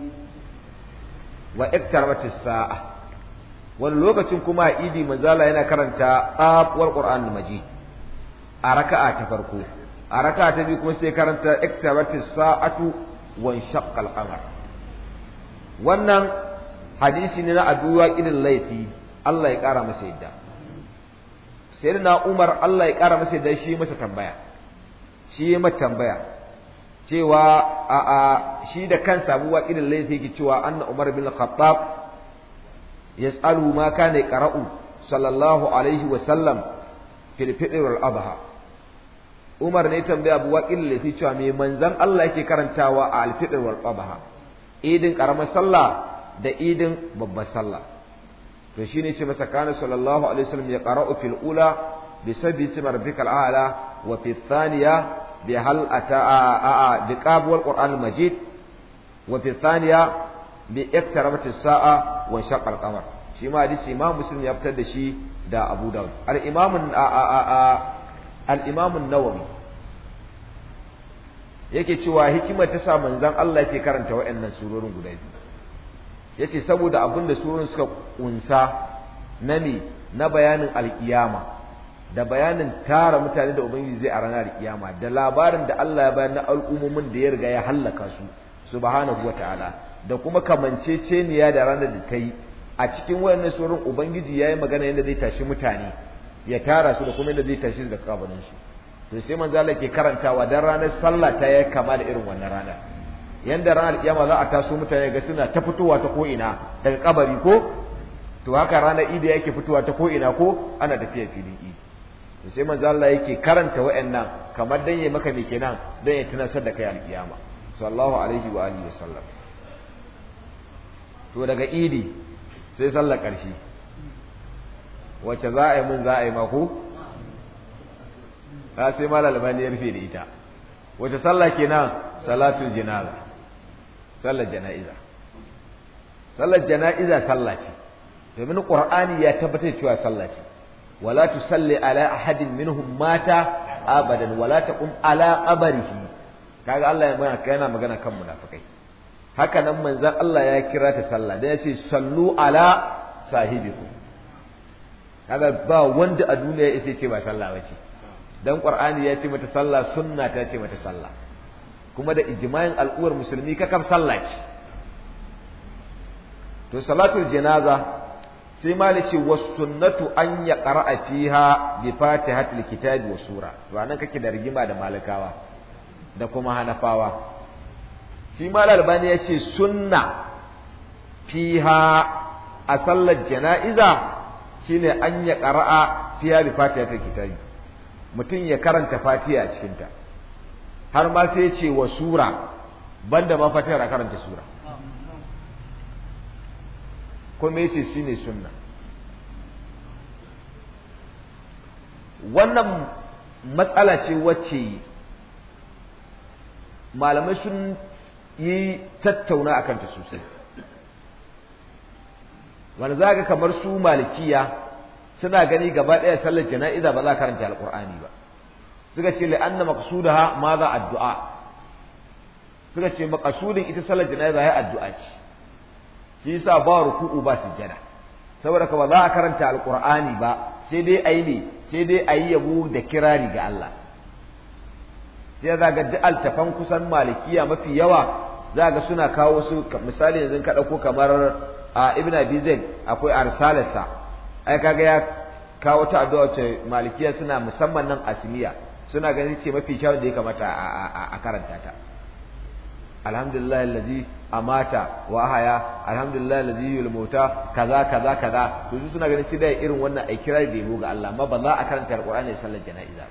wa iktarabatis sa'a wani lokacin kuma idi manzala yana karanta qaf wal al majid a raka'a ta farko a raka'a ta biyu kuma sai karanta iktabatis sa'atu wa shaqqal qamar wannan hadisi ne na abuwa irin laifi Allah ya kara masa yadda sayyidina Umar Allah ya kara masa yadda shi masa tambaya shi masa tambaya cewa a a shi da kansa abuwa irin laifi yake cewa anna Umar bin Khattab yas'alu ma kana qara'u sallallahu alaihi wa sallam fil fitr wal abha Umar ne tambaya Abu Waqil lati cewa me manzon Allah yake karantawa a al-fitr wal qabha idin karamar sallah da idin babbar sallah to shine ce masa kana sallallahu alaihi wasallam ya qara'u fil ula bi sabbi ismi rabbikal a'la wa fi thaniya bi hal ata bi qab wal qur'an majid wa fi thaniya bi iqtarabatis sa'a wa shaqal qamar shi ma hadisi imam muslim ya fitar da shi da abu daud al imam a a a al-Imam nawawi yake cewa hikimar ta sa manzon Allah yake karanta waɗannan surorin guda biyu yace saboda abin da surorin suka kunsa na ne na bayanin alkiyama da bayanin tara mutane da ubangiji zai a ranar kiyama da labarin da Allah ya bayar na al'ummomin da ya riga ya hallaka su subhanahu wataala da kuma kamanceceniya da ranar da ta yi a cikin wayannan surorin ubangiji ya yi magana yadda zai tashi mutane ya tara su da kuma yadda zai tashi da kabarin su to sai manzo Allah ke karantawa dan ranar sallah ta ya kama da irin wannan rana yanda ranar kiyama za a taso mutane ga suna ta fitowa ta ko ina daga kabari ko to haka ranar idi yake fitowa ta ko ina ko ana tafiya filin idi to sai manzo Allah yake karanta wayannan kamar dan yayi maka me kenan dan ya tunasar da kai alkiyama sallallahu alaihi wa alihi wasallam to daga idi sai sallar karshe wacce za a yi mun za a yi mako? ta sai mala ya rufe da ita Wace sallah kenan salatul janaza sallar jana'iza sallar jana'iza sallah ce domin qur'ani ya tabbatar cewa sallah ce wala tusalli ala ahadin minhum mata abadan wala taqum ala qabrihi kaga Allah ya magana yana magana kan munafikai haka nan manzon Allah ya kira ta sallah dan ya ce sallu ala sahibikum kaga ba wanda a duniya ya isa ce ba sallah bace dan qur'ani ya ce mata sallah sunna ta ce mata sallah kuma da ijma'in al'uwar musulmi kakaf sallah ce to salatul janaza sai malik ce was sunnatu an ya qara'a fiha bi fatihatil kitabi wa sura to anan kake da rigima da malakawa da kuma hanafawa shi mal albani ya ce sunna fiha a sallar jana'iza shine an ya qara'a fiya bi ta kitabi mutum ya karanta fatiha a cikin har ma sai ya ce wa sura banda ma fatihar a karanta sura kuma yace shine sunna wannan matsala ce wacce malamai sun yi tattauna akan ta sosai wanda za ga kamar su malikiya suna gani gaba ɗaya sallar jana'iza ba za karanta alƙur'ani ba suka ce da maqsudaha ma za addu'a suka ce maqasudin ita sallar jana'iza ya addu'a ce shi yasa ba ruku'u ba sujjada saboda ka ba za a karanta alƙur'ani ba sai dai ayi ne sai dai ayi yabo da kirari ga Allah sai za ga duk altafan kusan malikiya mafi yawa za ga suna kawo su misali yanzu ka ɗauko kamar a ibn abi akwai arsalarsa ai kaga ya kawo ta addu'a ce malikiya suna musamman nan asmiya suna ganin ce mafi kyau da ya kamata a karanta ta alhamdulillah allazi amata wa haya alhamdulillah allazi yulmuta kaza kaza kaza to su suna ganin shi da irin wannan ai kira da yabo ga Allah amma ba za a karanta alqur'ani sallar jana'iza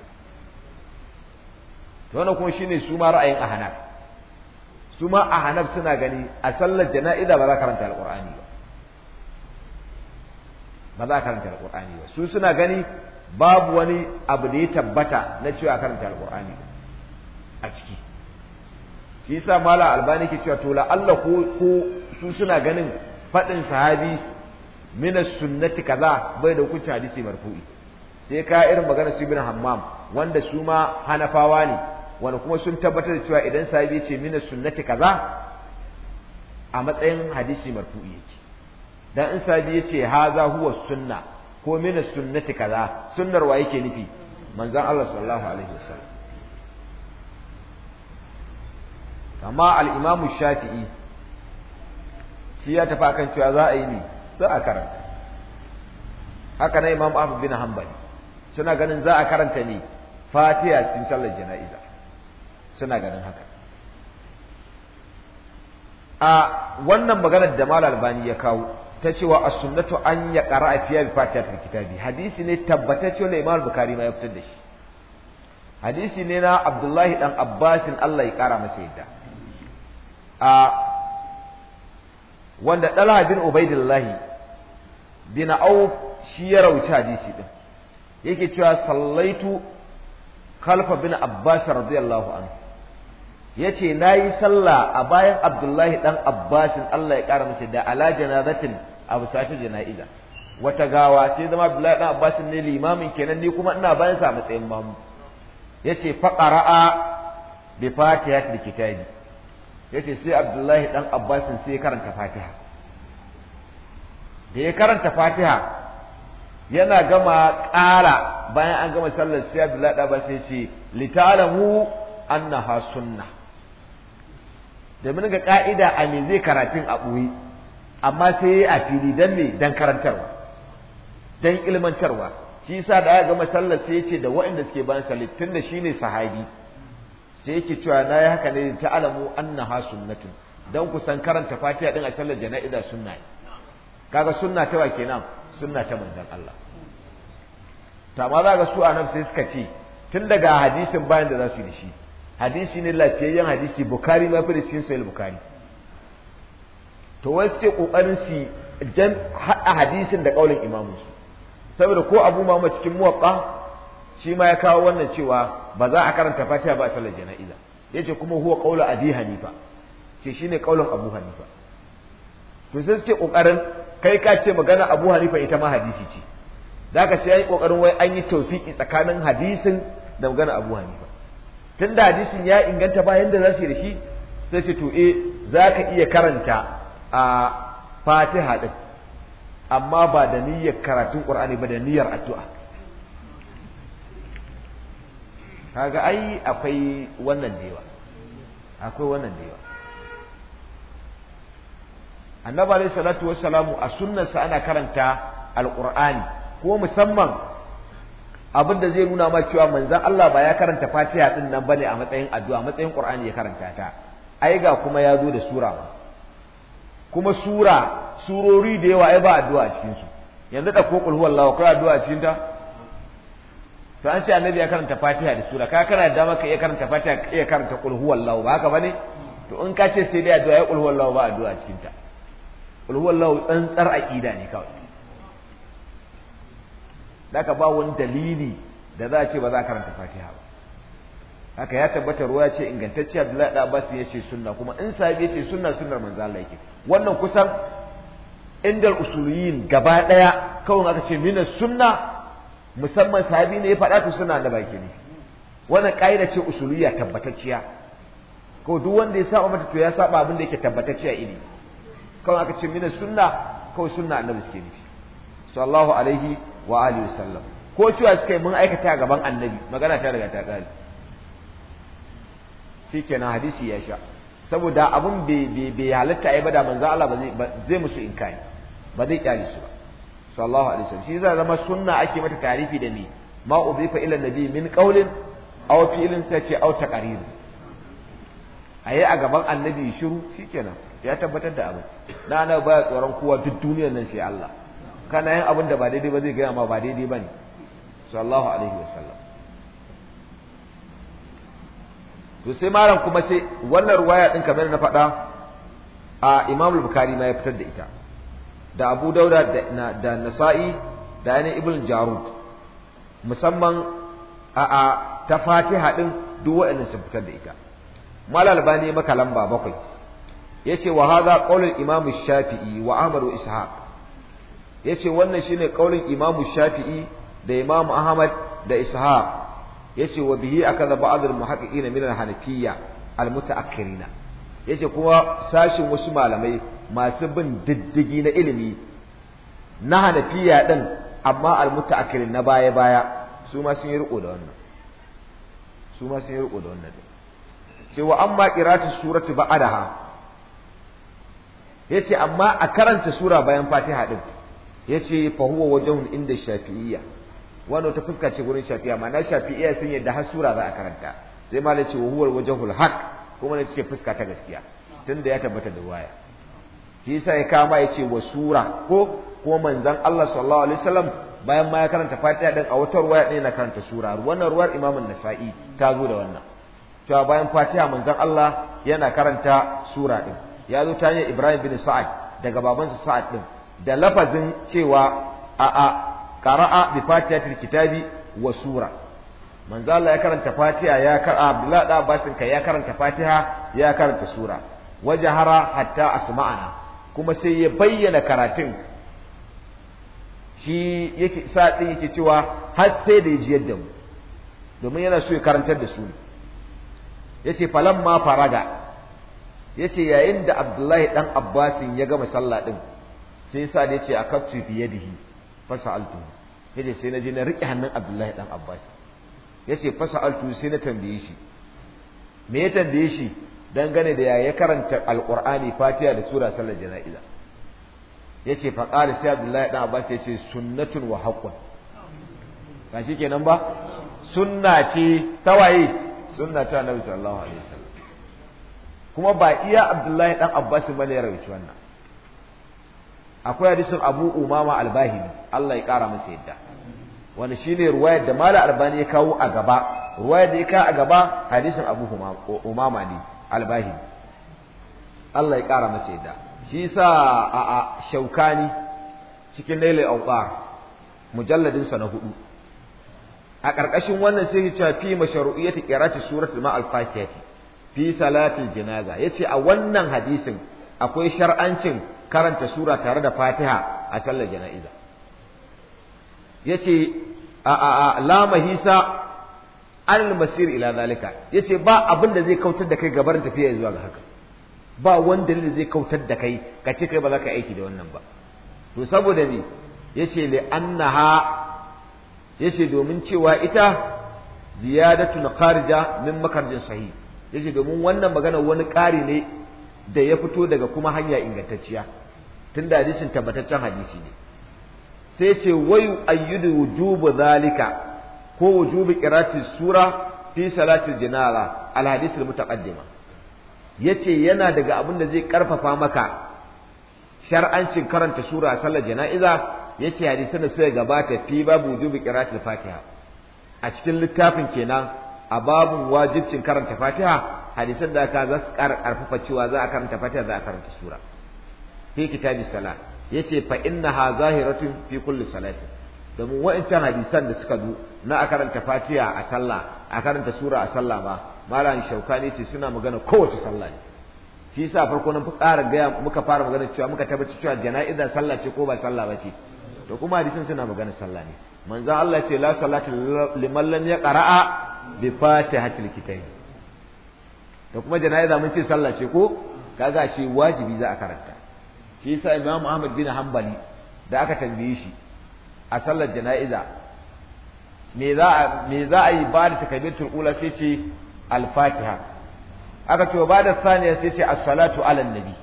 to wannan kuma shine su ma ra'ayin ahnaf su ma ahnaf suna gani a sallar jana'iza ba za a karanta alqur'ani ba ba za a karanta Alƙur'ani ba su suna gani babu wani abu da ya tabbata na cewa karanta Alƙur'ani a ciki shi yasa mala albani ke cewa to la Allah ko ko su suna ganin faɗin sahabi min sunnati kaza bai da hukunci hadisi marfu'i sai ka irin magana su ibn hammam wanda su ma hanafawa ne wanda kuma sun tabbatar da cewa idan sahabi ya ce min sunnati kaza a matsayin hadisi marfu'i yake dan in ya ce haza huwa sunna ko min sunnati kaza sunnar wa yake nufi manzon Allah sallallahu alaihi wasallam amma al-imamu shafi'i shi ya tafi akan cewa za a yi ne za a karanta haka na imam abu bin hanbali suna ganin za a karanta ne fatiha cikin sallar jana'iza suna ganin haka a wannan maganar da mal albani ya kawo ta cewa a sunnatu an ya a qara'a fiya bi fatihatil kitabi hadisi ne tabbatacce wanda Imam bukari ma ya fitar da shi hadisi ne na Abdullahi dan Abbasin Allah ya kara masa yadda a wanda Talha bin Ubaidillah bin Auf shi ya rauci hadisi ɗin yake cewa sallaitu khalfa bin Abbas radiyallahu anhu yace nayi sallah a bayan Abdullahi dan Abbasin Allah ya kara masa da ala janazatin a sashi janaiza wata gawa sai zama Abdullahi dan Abbasin ne limamin kenan ni kuma ina bayan sa matsayin mamu yace fa qara'a bi fatihatil kitabi yace sai Abdullahi dan Abbasin sai ya karanta Fatiha da ya karanta Fatiha yana gama ƙara bayan an gama sallar sai Abdullahi dan Abbasin ya ce litalamu annaha sunnah mun ga ka'ida a me zai karatun a ɓoye amma sai ya a fili dan me dan karantarwa dan ilmantarwa shi yasa da aka gama sallar sai ce da waɗanda suke bayan sallar tun da shine sahabi sai yake cewa na yi haka ne ta alamu annaha sunnatun don ku san karanta fatiha din a sallar jana'iza sunna ne kaga sunna ta wa kenan sunna ta manzon Allah to amma za ga su a nan sai suka ce tun daga hadisin bayan da za su yi da shi hadisi ne lafiyayyen hadisi bukari ma da cikin sahih bukari to wai suke kokarin su jan hada hadisin da kaulin imamu saboda ko abu mu cikin muwaqqa shi ma ya kawo wannan cewa ba za a karanta fatiha ba a sallar jana'iza yace kuma huwa qaulu abi hanifa ce shine kaulin abu hanifa to sai suke kokarin kai ka ce magana abu hanifa ita ma hadisi ce zaka sai yi kokarin wai an yi tawfiki tsakanin hadisin da magana abu hanifa tun da hadisin ya inganta bayan da za su yi da shi sai ce to eh, za ka iya karanta a fatiha ɗin amma ba da niyyar karatun Qur'ani ba da niyyar addu'a kaga ai akwai wannan dewa. akwai wannan dewa yawa annabi alaihi salatu a sunnarsa ana karanta alqur'ani ko musamman abin da zai nuna ma cewa manzon Allah ba ya karanta Fatiha din nan bane a matsayin addu'a matsayin Qur'ani ya karanta ta ai ga kuma ya zo da sura ba kuma sura surori da yawa ai ba addu'a a cikin su yanzu da kokul huwallahu kai addu'a a cikin ta to an ce annabi ya karanta Fatiha da sura ka kana da maka iya karanta Fatiha ka iya karanta kul huwallahu ba haka bane to in ka ce sai dai addu'a ya kul huwallahu ba addu'a a cikin ta kul huwallahu tsantsar aqida ne kawai daga ba wani dalili da za a ce ba za a karanta fatiha ba haka ya tabbata ruwa ce ingantacce Abdullahi da Abbas ya ce sunna kuma in sahabi ya ce sunna sunnar manzo Allah yake wannan kusan indal usuliyin gaba daya kawai aka ce mina sunna musamman sahabi ne ya faɗa to suna da baki ne wannan kaida ce usuliyya tabbatacciya ko duk wanda ya saba mata to ya saba abin da yake tabbatacciya ilimi kawai aka ce mina sunna kawai sunna annabi suke nufi sallallahu alaihi wa alihi wasallam ko cewa suka yi mun aikata gaban annabi magana ta daga ta kare na hadisi ya sha saboda abun bai halitta ai ba da manzo Allah ba zai musu inkari ba zai kyale su ba sallallahu alaihi wasallam shi zai zama sunna ake mata tarifi da me ma ubifa ila nabi min qaulin aw fi'lin sai ce aw taqrir ayi a gaban annabi shiru shikenan ya tabbatar da abin Na ana baya tsoron kowa duk duniyar nan sai Allah kana yin abin da ba daidai ba zai gaya ma ba daidai ba ne sallallahu alaihi wasallam to sai malam kuma ce wannan ruwaya din kamar na faɗa a imam al-bukhari ma ya fitar da ita da abu dauda da nasa'i da ainihin ibn jarud musamman a a ta fatiha din duk waɗannan sun fitar da ita mal albani maka bakwai yace wa hadha qaulul imam shafi'i wa Ahmadu wa ishaq yace wannan shine kaulin Imam Shafi'i da Imam Ahmad da Ishaq yace wa bihi akaza ba'd al-muhaqqiqin min al-hanafiyya al-muta'akkirina yace kuma sashin wasu malamai masu bin diddigi na ilimi na hanafiya din amma al-muta'akkirin na baya baya su ma sun yi riko da wannan su ma sun yi riko da wannan ce wa amma qira'atu surati ba'daha yace amma a karanta sura bayan Fatiha din yace fa huwa wajhun inda shafi'iyya wannan ta fuska ce gurin shafi'iyya ma'ana shafi'iyya sun yadda har sura za a karanta sai ma ce wa huwa wajhul haq kuma ne ce fuska ta gaskiya tunda ya tabbata da waya shi yasa ya kama ya ce wa sura ko ko manzon Allah sallallahu alaihi wasallam bayan ma ya karanta Fatiha din a wata waya din na karanta sura wannan ruwar Imam An-Nasa'i ta zo da wannan cewa bayan Fatiha manzon Allah yana karanta sura din ya zo ta Ibrahim bin Sa'ad daga babansa Sa'ad din da lafazin cewa a'a qara'a bi fatihatil kitabi wa sura manzo Allah ya karanta fatiha ya kara da Abbasin kai ya karanta fatiha ya karanta sura wajahara hatta asma'ana kuma sai ya bayyana karatun shi yake sa yake cewa har sai da ya yadda mu domin yana so ya karantar da su yace falamma faraga yace yayin da Abdullahi dan Abbasin ya gama sallah din sai yasa da yace akaftu bi yadihi ce yace sai na je na rike hannun Abdullahi dan Abbas yace fasaltu sai na tambaye shi me ya tambaye shi dangane da ya karanta alqur'ani fatiha da sura sallar jana'iza yace fa qala sai Abdullahi dan Abbas yace sunnatun wa haqqun ba shi kenan ba sunna ce tawaye sunna ta Annabi sallallahu alaihi wasallam kuma ba iya Abdullahi dan Abbas bane ya rawaci wannan akwai hadisin Abu Umama albahimi Allah ya kara masa yadda Wani shine ruwayar da Malam Albani ya kawo a gaba ruwayar da ya kawo a gaba hadisin Abu Umama ne albahimi Allah ya kara masa yadda shi sa, a a Shaukani cikin Lailal Awqar mujalladin sa na hudu a ƙarƙashin wannan sai ya ce fi mashru'iyyati qira'ati suratul ma'al fatihati fi salatil janaza yace a wannan hadisin akwai shar'ancin karanta sura tare da fatiha a sallar jana'iza yace a a a la mahisa an masir ila zalika yace ba abin da zai kautar da kai gabar tafiya zuwa ga haka ba wanda dalili zai kautar da kai ka ce kai ba za ka aiki da wannan ba to saboda ne yace li annaha yace domin cewa ita ziyadatun kharija min makarjin sahih yace domin wannan magana wani ƙari ne da ya fito daga kuma hanya ingantacciya Tun da hadisin tabbataccen hadisi ne sai ce wai ayyudu wujubu zalika ko wujubu qira'ati sura fi salati jinara al hadisul mutaqaddima yace yana daga abin da zai karfafa maka shar'ancin karanta sura sallar jana'iza yace hadisin da suka gabata fi babu wujubu qira'atil fatiha a cikin littafin kenan a babun wajibcin karanta fatiha hadisan da aka za su karfafa cewa za a karanta fatiha za a karanta sura fi kitabi sala yace fa ha zahiratun fi kulli salati domin wa'ancan hadisan da suka zo na a karanta fatiha a sallah a karanta sura a sallah ba, malam shaukani ce suna magana kowace sallah ne shi yasa farko nan fara gaya muka fara magana cewa muka tabbaci cewa jana'iza sallah ce ko ba sallah ba ce to kuma hadisan suna magana sallah ne manzo Allah ce la salati liman lam yaqra'a bi fatihatil kitabi da kuma jana'iza mun ce sallah ce ko kaga shi wajibi za a karanta shi yasa Imam Ahmad bin Hanbali da aka tambaye shi a sallar jana'iza me za a me za a yi ba da takbiratul ula sai ce al-Fatiha aka ce ba da saniya sai ce as-salatu ala nabi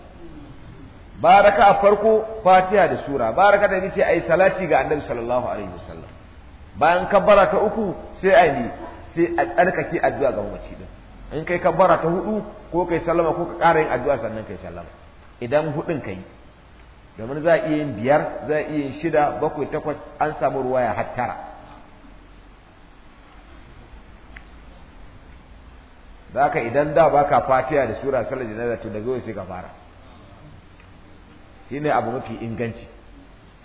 baraka a farko Fatiha da sura baraka da ce ai salati ga Annabi sallallahu alaihi wasallam bayan kabbara ta uku sai ai sai a tsarkake addu'a ga mamaci din in kai bara ta hudu ko kai sallama ko ka ƙara yin addu'a sannan kai sallama idan hudun kai domin za a iya yin biyar za a iya yin shida bakwai takwas an samu ruwaya har tara za ka idan da baka Fatiya da sura sallar janaza to daga yau sai ka fara shine abu mafi inganci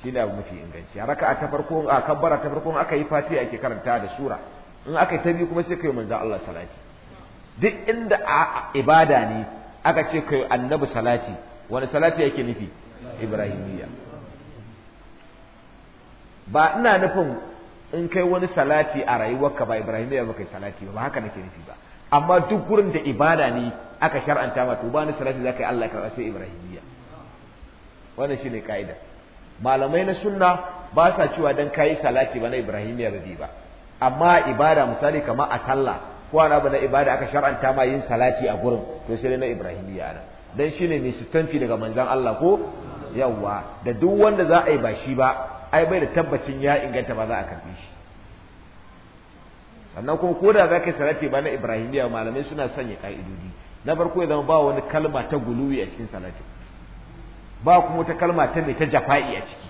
shine abu mafi inganci a raka'a ta farko a kabbara ta farko aka yi Fatiya ake karanta da sura in aka yi ta biyu kuma sai kai manzo Allah salati duk inda a ibada ne aka ce kai annabi salati wani salati yake nufi ibrahimiyya ba ina nufin in kai wani salati a rayuwarka ba ibrahimiyya ba kai salati ba haka nake nufi ba amma duk gurin da ibada ne aka shar'anta ma to ba ni salati zakai Allah ka sai ibrahimiyya wannan shine kaida malamai na sunna ba sa cewa dan kai salati ba na ibrahimiyya ba ba amma ibada misali kamar a sallah ko wani abu ibada aka shar'anta ma yin salati a gurin to sai na ibrahimiyya ana dan shine mai sitanci daga manzon Allah ko yawa da duk wanda za a yi ba shi ba ai bai da tabbacin ya inganta ba za a karbi shi sannan kuma ko da za ka salati ba na ibrahimiyya malamai suna sanya ka'idodi na farko ya zama ba wani kalma ta guluwi a cikin salati ba kuma wata kalma ta mai ta jafa'i a ciki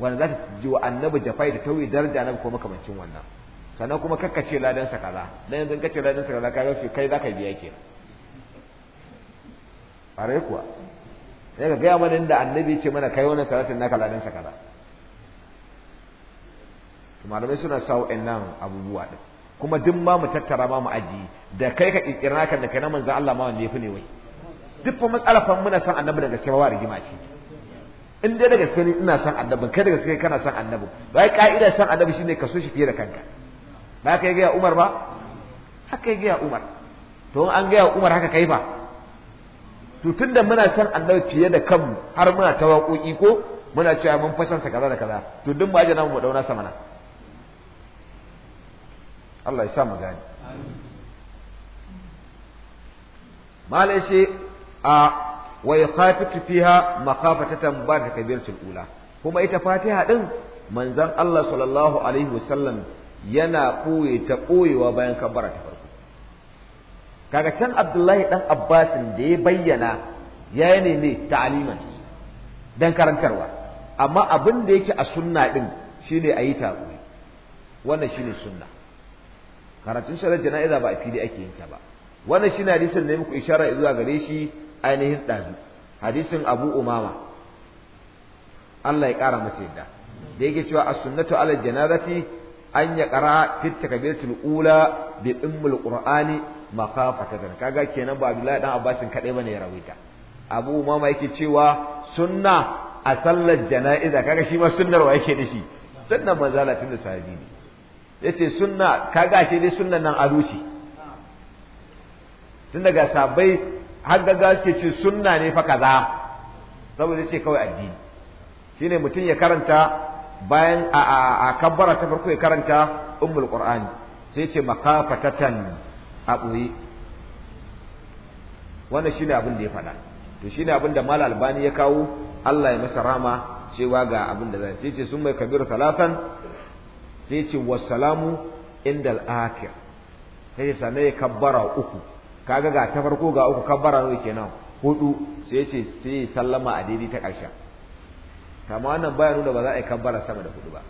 wanda za ta ji wa annabi jafa'i ta tauye daraja na ko makamancin wannan sannan kuma kakkace ladansa sa kaza dan yanzu kace ladansa sa kaza ka rufe kai zaka biya ke are kuwa sai ga gaya mana inda annabi ya ce mana kai wannan salatin naka ladan sa kaza malamai suna sa wa'annan abubuwa din kuma duk ma mu tattara ma mu aji da kai ka kirkira kan da kai na manzo Allah ma wanda yafi ne wai duk fa matsalar fa muna san annabi daga cewa wa rigima ce in dai daga sani ina son annabin kai daga sani kana son annabi bai ka'ida son annabi shine ka so shi fiye da kanka ba ka yi gaya Umar ba haka yi gaya Umar to an gaya Umar haka kai ba to tunda muna san Allah fiye da kanmu har muna ta waƙoƙi ko muna cewa mun fashan sa kaza da kaza to duk mu aje mu dauna sama na Allah ya sa mu gani malai shi a wa yaqafitu fiha maqafatatan ba da kabiratul ula kuma ita fatiha din manzon Allah sallallahu alaihi wasallam yana ɓoye ta ɓoyewa bayan kabbara ta farko kaga can abdullahi dan abbasin da ya bayyana ya yi ne ta'aliman don karantarwa amma abin da yake a sunna din shine a yi ta wannan shine sunna karatun shirar jana'iza ba a fili ake yin sa ba wannan shi ne hadisin da muku ishara zuwa gare shi ainihin ɗazu hadisin Abu Umama Allah ya ƙara masa yadda da yake cewa as-sunnatu ala janazati an ya kara fit takbiratul ula bi ummul qur'ani makafatan kaga kenan ba Abdullahi dan Abbasin kadai bane ya rawaita Abu Umama yake cewa sunna a sallar jana'iza kaga shi ma sunnar wa yake da shi sunnar manzo tun da sahabi ne yace sunna kaga shi dai sunnan nan a ruci tun daga sabai har gaga suke ce sunna ne fa kaza saboda yace kawai addini shine mutum ya karanta bayan a kabbara ta farko ya karanta ummul qur'ani sai ce makafatatan a ɓoye wannan shine abin da ya faɗa to shine abin da mal albani ya kawo Allah ya masa rama cewa ga abin da zai sai ce sun mai kabiru talatan sai ce wassalamu indal akhir sai ya sanai kabbara uku kaga ga ta farko ga uku kabbara nawa kenan hudu sai ce sai sallama a daidai ta ƙarshen amma wannan baya nuna ba za a yi kabbara sama da hudu ba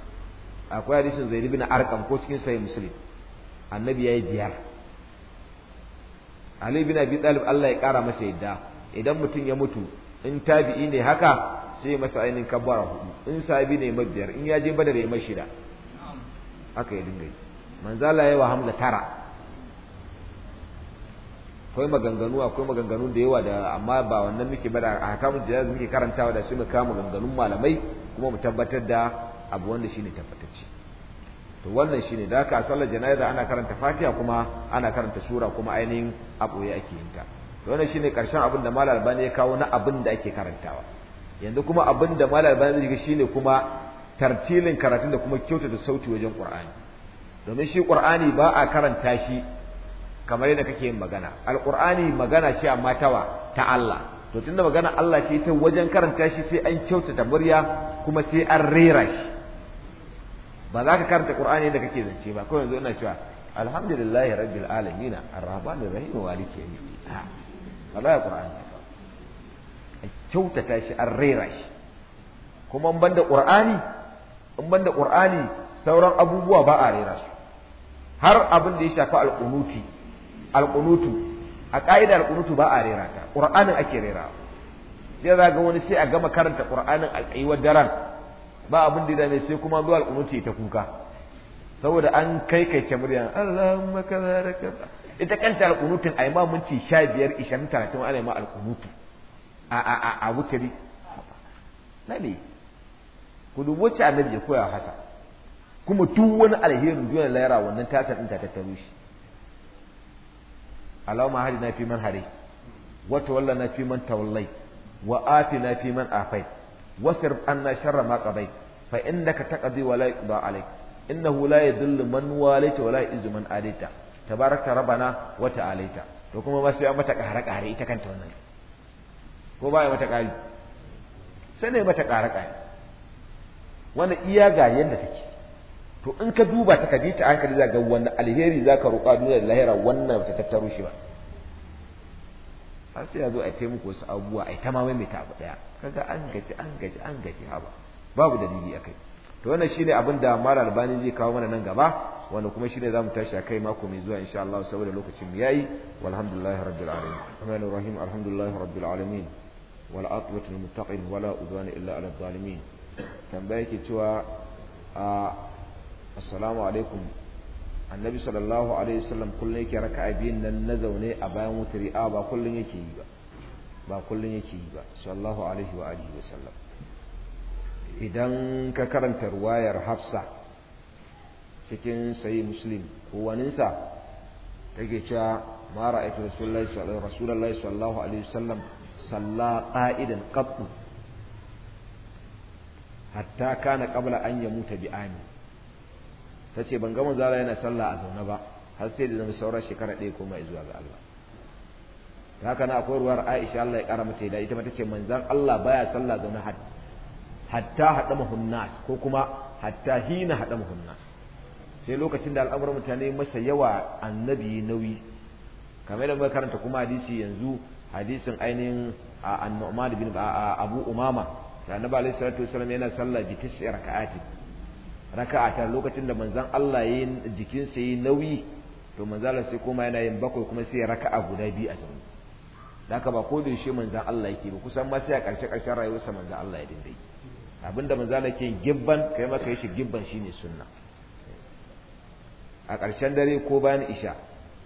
akwai hadisin zaid na arqam ko cikin sahih muslim annabi yayi biyar ali na abi talib Allah ya kara masa yadda idan mutum ya mutu in tabi'i ne haka sai masa ainihin kabbara hudu in sahabi ne mabiyar in ya je badar ya mashida haka ya dinga yi manzala wa hamza tara akwai maganganu akwai maganganu da yawa da amma ba wannan muke ba da ahkamul jihad muke karantawa da shi mu kama maganganun malamai kuma mu tabbatar da abu wanda shine tabbatacce to wannan shine da haka sallar jana'iza ana karanta fatiha kuma ana karanta sura kuma ainihin aboye ake yinta to wannan shine karshen abin da malal albani ya kawo na abin da ake karantawa yanzu kuma abin da malal albani zai ga shine kuma tartilin karatun da kuma kyautata sauti wajen qur'ani domin shi qur'ani ba a karanta shi kamar yadda kake yin magana alqur'ani magana ce amma tawa ta Allah to tunda magana Allah ce ta wajen karanta shi sai an kyautata murya kuma sai an rera shi ba za ka karanta qur'ani yadda kake zance ba kawai yanzu ina cewa alhamdulillah rabbil alamin arrahmanir rahim maliki yawmid din wallahi qur'ani a kyautata shi an rera shi kuma in banda qur'ani in banda qur'ani sauran abubuwa ba a rera su har abin da ya shafi alƙunuti alqunutu a ka'idar alqunutu ba a rera ta qur'anin ake rera sai za ga wani sai a gama karanta qur'anin alƙaiwar daren ba abin da ne sai kuma zuwa alqunutu ta kuka saboda an kai kai ce murya Allahumma kabaraka ita kanta alqunutun ai ma minti 15 20 30 ana ma alqunutu a a a a wutari nabi ku dubo ci annabi ya koya hasa kuma duk wani alherin duniya lahira wannan tasar din ta tattaro shi alauma hari na fi man hari wata walla na fi man tawallai wa afi na fi man afai wasir anna sharra ma qabai fa innaka taqdi wa la yuqda alayk innahu la yadhill man walita wa la yuzu man alita tabaraka rabbana wa ta'alita to kuma ba sai mata kare kare ita kanta wannan ko ba mata kare sai ne mata kare kare wannan iya ga yanda take to in ka duba ta kaji ta hankali za ga wani alheri za ka roƙa duniya da lahira wannan ta tattaro shi ba har sai ya zo a taimako wasu abubuwa a ta ma mai ta abu ɗaya kaga an gaji an gaji an gaji haba babu dalili a kai to wannan shine abin da mara albani zai kawo mana nan gaba wanda kuma shine zamu tashi akai mako mai zuwa insha Allah saboda lokacin mu yayi walhamdulillahi rabbil alamin Amin rahim alhamdulillahi rabbil alamin wal aqwatu lil muttaqin wala udwana illa ala zalimin tambaya ke cewa a assalamu alaikum annabi sallallahu alaihi wasallam kullun yake raka'a biyun nan na zaune a bayan wutari a ba kullun yake yi ba ba kullun yake yi ba sallallahu alaihi wa alihi wasallam idan ka karanta ruwayar Hafsa cikin sayi Muslim ko waninsa take cewa ma ra'aytu rasulullahi sallallahu alaihi wasallam salla qa'idan qattu hatta kana qabla an yamuta bi amin ta ce ban ga zara yana sallah a zaune ba har sai da zama saura shekara ɗaya koma zuwa ga Allah haka na akwai ruwar Aisha Allah ya kara mata da ita mata ce manzan Allah baya sallah zaune hatta haɗa mahunnas ko kuma hatta hina haɗa mahunnas sai lokacin da al'amuran mutane masa yawa annabi nauyi kamar da muka karanta kuma hadisi yanzu hadisin ainihin a an bin abu umama da annabi alaihi salatu wasallam yana sallah bi tis'i raka'atin raka'a ta lokacin da manzon Allah yayin jikinsa yayi nauyi to manzon Allah sai koma yana yin bakwai kuma sai ya raka'a guda biyu a zaune da haka ba ko da yaushe manzon Allah yake ba kusan ma sai a ƙarshe ƙarshen rayuwarsa manzon Allah ya dinga yi abinda manzon Allah yake gibban kai maka yi shi gibban shine sunna a ƙarshen dare ko bayan isha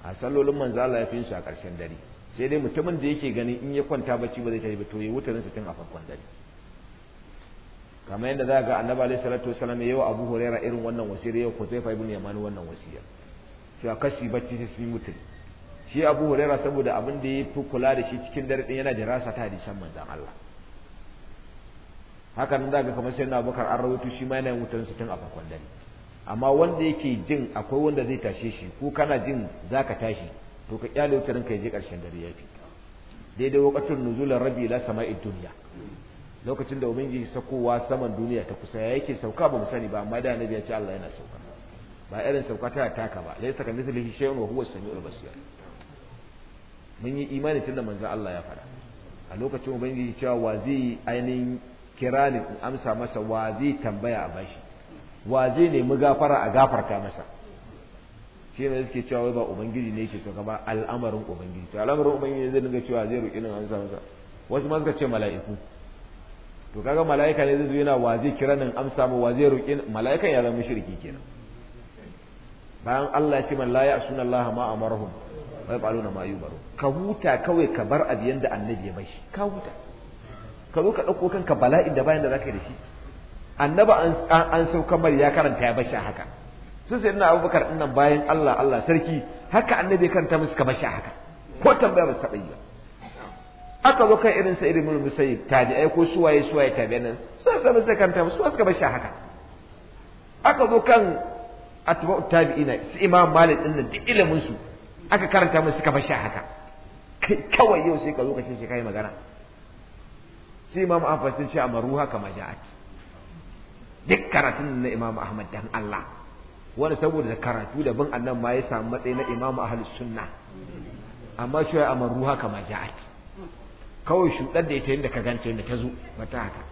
a sallolin manzon Allah ya fi su a ƙarshen dare sai dai mutumin da yake gani in ya kwanta bacci ba zai tafi ba to ya wuta rinsa tun a farkon dare kamar yadda za ga annabi alaihi salatu wasallam yayi wa abu huraira irin wannan wasiyar yau kuzaifa ibn yaman wannan wasiyar cewa kashi bacci sai su mutu shi abu huraira saboda abin da ya fi kula da shi cikin dare din yana da rasa ta hadisan manzon Allah haka nan za ga kamar sayyidina abubakar an rawaito shi ma yana wutan su tun a farkon dare amma wanda yake jin akwai wanda zai tashe shi ko kana jin zaka tashi to ka kyale wutarin ka je karshen dare ya yafi daidai wakatun nuzul rabi la sama'i dunya lokacin da ubangiji sakowa saman duniya ta kusa ya yake sauka ba mu sani ba amma da annabi ya ce Allah yana sauka ba irin sauka ta taka ba laysa ka mithlihi shay'un wa huwa as-sami'ul basir mun yi imani tunda manzo Allah ya fara a lokacin ubangiji cewa wa zai ainihin kiranin in amsa masa wa zai tambaya a bashi wa zai nemi gafara a gafarta masa shi ne suke cewa wai ba ubangiji ne yake sauka ba al'amarin ubangiji to al'amarin ubangiji zai dinga cewa zai roƙi nan an masa wasu ma suka ce mala'iku to kaga mala'ika ne zai zo yana wa zai kira nan amsa mu wa zai roƙi mala'ikan ya zama mushriki kenan bayan Allah ya ce man la ya'suna Allah ma amarhum wa yaquluna ma yubaru ka huta kawai ka bar abiyan da annabi ya bashi ka huta ka zo ka dauko kanka bala'in da bayan da zaka yi da shi annaba an an saukar mari ya karanta ya bashi haka su sai ina abubakar dinnan bayan Allah Allah sarki haka annabi kanta musu ka bashi haka ko tambaya ba su taɓa yi ba aka zo kan irin sa irin mulmusayi tabi'ai ko suwaye suwaye tabi'ai nan sai sai sai kan tabi'ai su suka bar shi haka aka zo kan atba'u tabi'ina su imam malik din nan duk ilimin su aka karanta musu suka bashi haka kai kawai yau sai ka zo ka shi kai magana sai imam ahmad sun ce amaruha kama ja'at duk karatun na imam ahmad dan Allah wani saboda karatu da bin annan ma ya samu matsayi na imam ahlus sunna amma shi amaruha kama ja'at kawai shuɗar da ita yadda ka gance da ta zo ba ta haka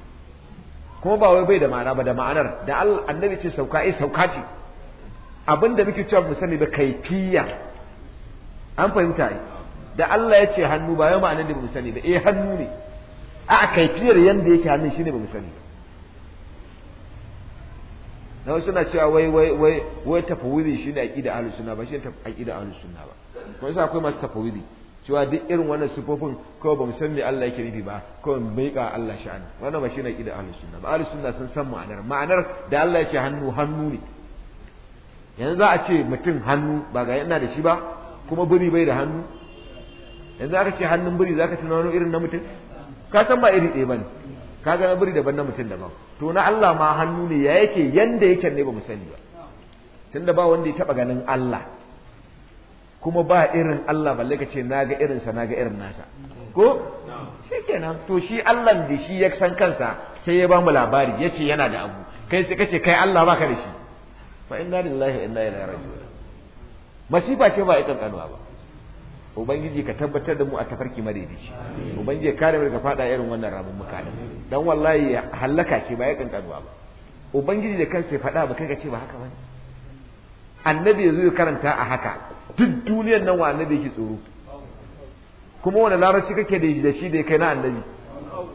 kuma ba wai bai da ma'ana ba da ma'anar da Allah annabi ce sauka ai eh, sauka ce abinda muke cewa mu sani ba kaifiya an fahimta ai da Allah ya ce hannu ba yau ma'anar da mu sani ba eh hannu ne a kaifiyar yanda yake hannun shine ba mu sani ba na wasu na cewa wai wai wai wai tafawudi shine aqida ahlus sunna ba shine aqida ahlus sunna ba kuma sai akwai masu tafawudi cewa duk irin wannan sifofin kawai bamu san me Allah yake nufi ba kawai bai ka Allah sha'ani wannan ba shine aqida ahlus sunna ba ahlus sunna sun san ma'anar ma'anar da Allah yake hannu hannu ne yanzu za a ce mutum hannu ba ga yana da shi ba kuma buri bai da hannu yanzu aka ce hannun buri zaka wani irin na mutum ka san ba iri ɗaya bane ka ga buri daban na mutum daban to na Allah ma hannu ne ya yake yanda yake ne bamu sani ba tunda ba wanda ya taba ganin Allah kuma ba irin Allah balle ka ce naga irin sa naga irin nasa ko shikenan to shi Allah da shi ya san kansa sai ya ba mu labari yace yana da abu kai sai kace kai Allah baka da shi fa inna lillahi inna ilaihi raji'un masifa ce ba ikan kanuwa ba ubangiji ka tabbatar da mu a tafarki shi ubangiji ka kare mu daga fada irin wannan rabin muka dan wallahi halaka ce ba ya kanuwa ba ubangiji da kansa ya faɗa ba kai ka ce ba haka bane annabi ya zo ya karanta a haka duk duniyar nan wa annabi yake tsoro kuma wani larabci kake da shi da kai na annabi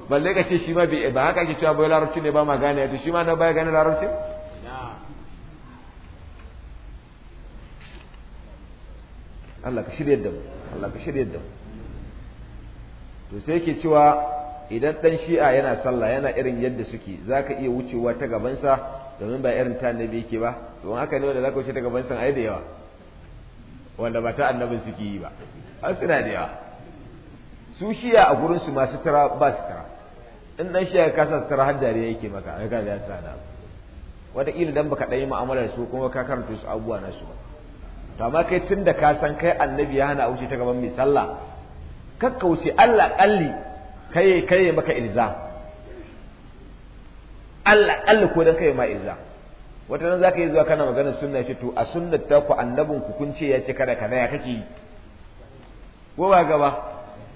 balle ka ce shi ma bai ba haka ake cewa bai larabci ne ba ma gane to shi ma na baya gane larabci Allah ka shirya da mu Allah ka shirya da mu to sai yake cewa idan dan shi'a yana sallah yana irin yadda suke zaka iya wucewa ta gabansa domin ba irin ta annabi yake ba to haka ne wanda zaka wuce ta gaban sa ai da yawa wanda ba ta annabin suke yi ba an suna da yawa su shiya a gurin su masu tara ba su tara in dan shiya ka sa tara har dariya yake maka ai ka da na wata wataƙila dan baka dai mu'amalar su kuma ka karanta su abubuwa na su to amma kai tun ka san kai annabi ya hana wuce ta gaban mai sallah kakka wuce Allah kalli kai kai maka ilza Allah kalli ko dan kai ma ilza wata nan zaka yi zuwa kana maganar sunna ce to a sunnar ta ku annabin ku kun ce ya ce kada kaza ya kake yi ko ba gaba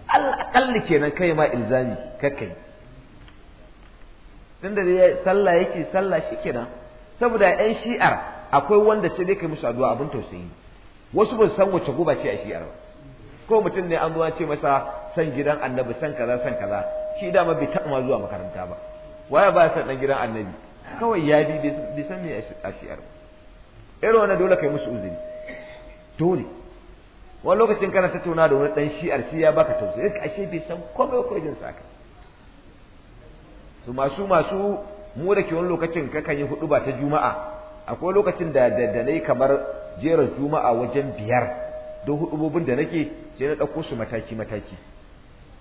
alƙalli kenan kai ma ilzami kakkai tunda da sallah yake sallah shikenan saboda yan shi'ar akwai wanda sai dai kai musu addu'a abin tausayi wasu ba su san wace guba ce a shi'ar ba ko mutum ne an zuwa ce masa san gidan annabi san kaza san kaza shi dama bai taɓa ma zuwa makaranta ba waye ba ya san ɗan gidan annabi kawai ya bi bai san me a shi'ar irin wannan dole kai musu uzuri dole wani lokacin kana tattauna da wani dan shi'ar shi ya baka tausayi yadda ashe bai san komai ko jin saka su masu masu mu da ke wani lokacin ka kan yi hudu ba ta juma'a akwai lokacin da da nayi kamar jerar juma'a wajen biyar don hudubobin da nake sai na ɗauko su mataki mataki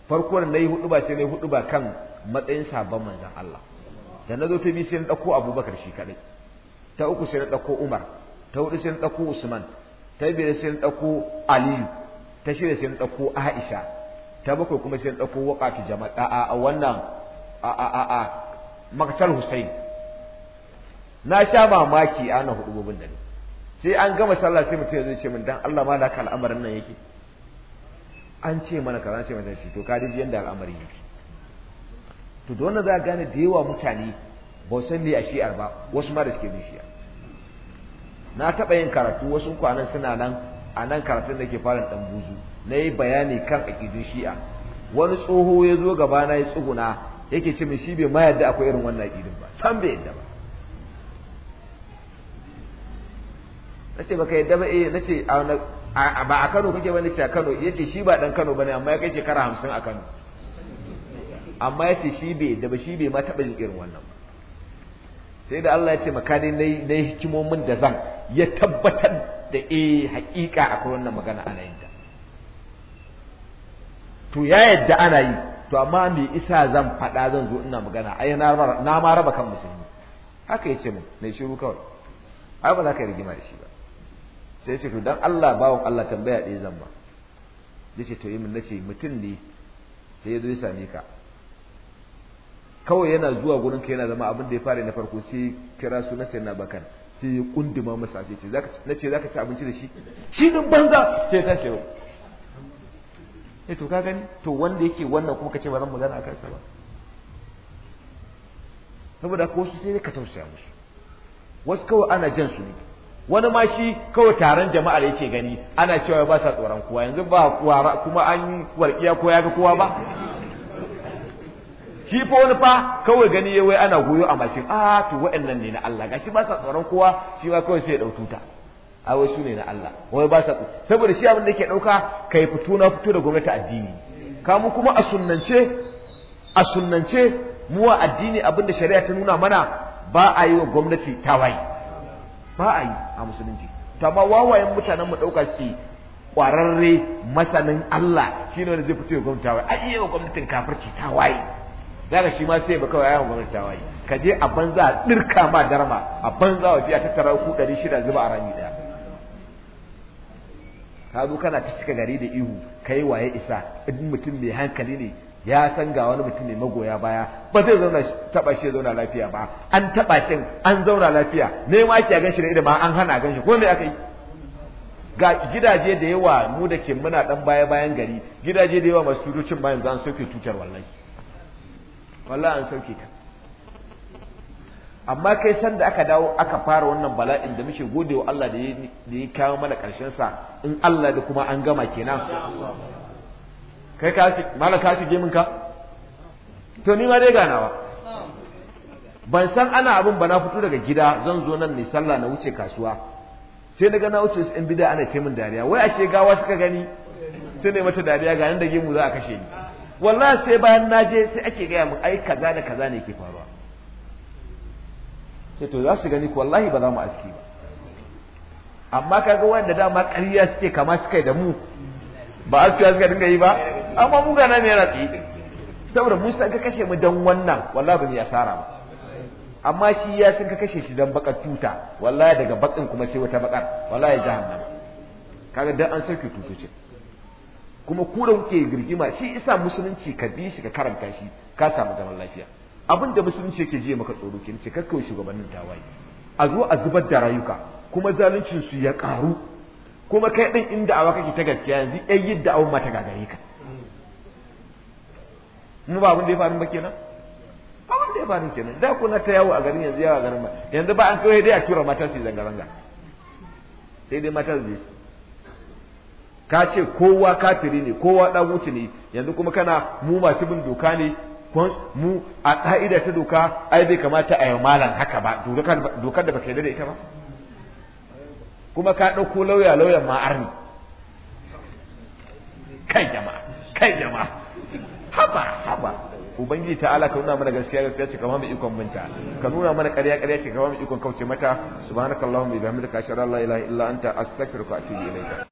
farko da nayi hudu ba sai nayi hudu ba kan matsayin sabon manzon Allah da na zo ta biyu sai na ɗauko abubakar shi kaɗai ta uku sai na ɗauko umar ta hudu sai na ɗauko usman ta biyar sai na ɗauko aliyu ta shida sai na ɗauko aisha ta bakwai kuma sai na ɗauko waƙatu jama'a a wannan a a a a maktar husain na sha mamaki nan hudu gobin da ni sai an gama sallah sai mutum ya zai ce min dan Allah ma da ka al'amarin nan yake an ce mana kaza ce mata ce to ka ji yanda al'amarin yake to da wannan za a gane da yawa mutane ba san ne a shi'ar ba wasu ma da suke bin shi'a na taɓa yin karatu wasu kwanan suna nan a nan karatun da ke fara ɗan buzu na yi bayani kan aƙidun shi'a wani tsoho ya zo gaba na ya tsuguna yake ce min shi bai ma yadda akwai irin wannan aƙidun ba san bai yadda ba Na ce baka yadda ba eh a ba a Kano kake ba ce a Kano ce shi ba dan Kano ba ne amma ya kai shekara hamsin a Kano amma ya ce shi bai da ba shi bai ma taɓa yin irin wannan ba sai da Allah ya ce makani na hikimomin da zan ya tabbatar da eh haƙiƙa akwai wannan magana ana yin ta to ya yadda ana yi to amma me isa zan faɗa zan zo ina magana ai na ma raba kan musulmi haka ya ce min na shiru kawai ai ba za ka yi rigima da shi ba sai ce to dan Allah bawon Allah tambaya ɗaya zan ba Zai ce to yi min nace mutum ne sai ya zo ya same ka kawai yana zuwa gurin ka yana zama abin da ya fara na farko sai kira su na sayan bakan, sai ya kunduma masa sai ce zaka nace zaka ci abinci da shi shi din banza sai ta ce eh to ka gani to wanda yake wannan kuma kace ba zan magana akan sa ba saboda ko su sai ka tausaya musu wasu kawai ana jan su ne wani ma shi kawai taron jama'ar yake gani ana cewa ba sa tsoron kowa yanzu ba kuma an warkiya ko ya ga kowa ba shi fa wani fa kawai gani ya wai ana goyo a bakin a to wa'annan ne na Allah gashi ba sa tsoron kowa shi ma kawai sai ya ɗau tuta a wai su ne na Allah wai ba sa saboda shi abin da yake ɗauka kai fito na fito da gwamnati addini kamu kuma a sunnance a sunnance mu wa addini abin da shari'a ta nuna mana ba a yi wa gwamnati tawaye ba a yi a musulunci to amma wawayen mutanen mu ɗauka ke kwararre masanin Allah shine wanda zai fito ya gwamnati tawaye a iya wa gwamnatin kafirci tawaye zaka shi ma sai ba kawai yawan gwamnati waye, ka je a banza a dirka ma darma a banza waje a tattara ku 600 zuba a rami daya ka zo kana ta cika gari da ihu kai waye isa in mutum mai hankali ne ya san ga wani mutum mai magoya baya ba zai zauna taba shi zauna lafiya ba an taba shi an zauna lafiya ne ma ki a shi da ido ma an hana a ganshi ko me aka yi ga gidaje da yawa mu da ke muna dan baya bayan gari gidaje da yawa masu tutocin bayan zan soke tutar wallahi wallahi an sauke ka amma kai san da aka dawo aka fara wannan bala'in da muke gode wa Allah da ya kawo mana ƙarshen sa in Allah da kuma an gama kenan kai ka mala ka shige min ka to ni ma dai ganawa ban san ana abin ba na fito daga gida zan zo nan ne sallah na wuce kasuwa sai na ga na wuce in bida ana kai min dariya wai ashe gawa suka gani sai ne mata dariya ga nan da gemu za a kashe ni wallahi sai bayan na je sai ake gaya mu ai kaza da kaza ne ke faruwa sai to za su gani ko wallahi ba za mu aski ba amma kaga wanda dama ƙarya suke kama suka da mu ba aski suka dinga yi ba amma mu ga nan ne ratsi saboda mu san ka kashe mu dan wannan wallahi ba mu asara ba amma shi ya san ka kashe shi dan bakar tuta wallahi daga bakin kuma sai wata bakar wallahi jahannama kaga dan an sarki tutuce kuma ku da kuke girgima shi isa musulunci ka bi shi ka karanta shi ka samu zaman lafiya abin da musulunci yake jiya maka tsoro ke ce kakkau shugabannin tawaye a zo a zubar da rayuka kuma zaluncin su ya karu kuma kai din inda awa kake ta gaskiya yanzu ɗan yadda awon ma ta gagare ka mu ba abin da ya faru ba kenan abin da ya faru kenan da kuna ta yawo a garin yanzu yawo a garin ba yanzu ba an kawai dai a tura mata su zanga zanga sai dai mata su ka ce kowa kafiri ne kowa wuce ne yanzu kuma kana mu masu bin doka ne mu a ka'ida ta doka ai bai kamata a yi malam haka ba dokar da baka yarda da ita ba kuma ka ɗauko lauya lauyan ma arni kai jama'a kai jama'a haba haba ubangiji ta ala ka nuna mana gaskiya gaskiya ce kamar mu ikon minta ka nuna mana ƙarya ƙarya ce kamar mu ikon kauce mata subhanakallahumma wa bihamdika ashhadu an la ilaha illa anta astaghfiruka wa atubu ilayka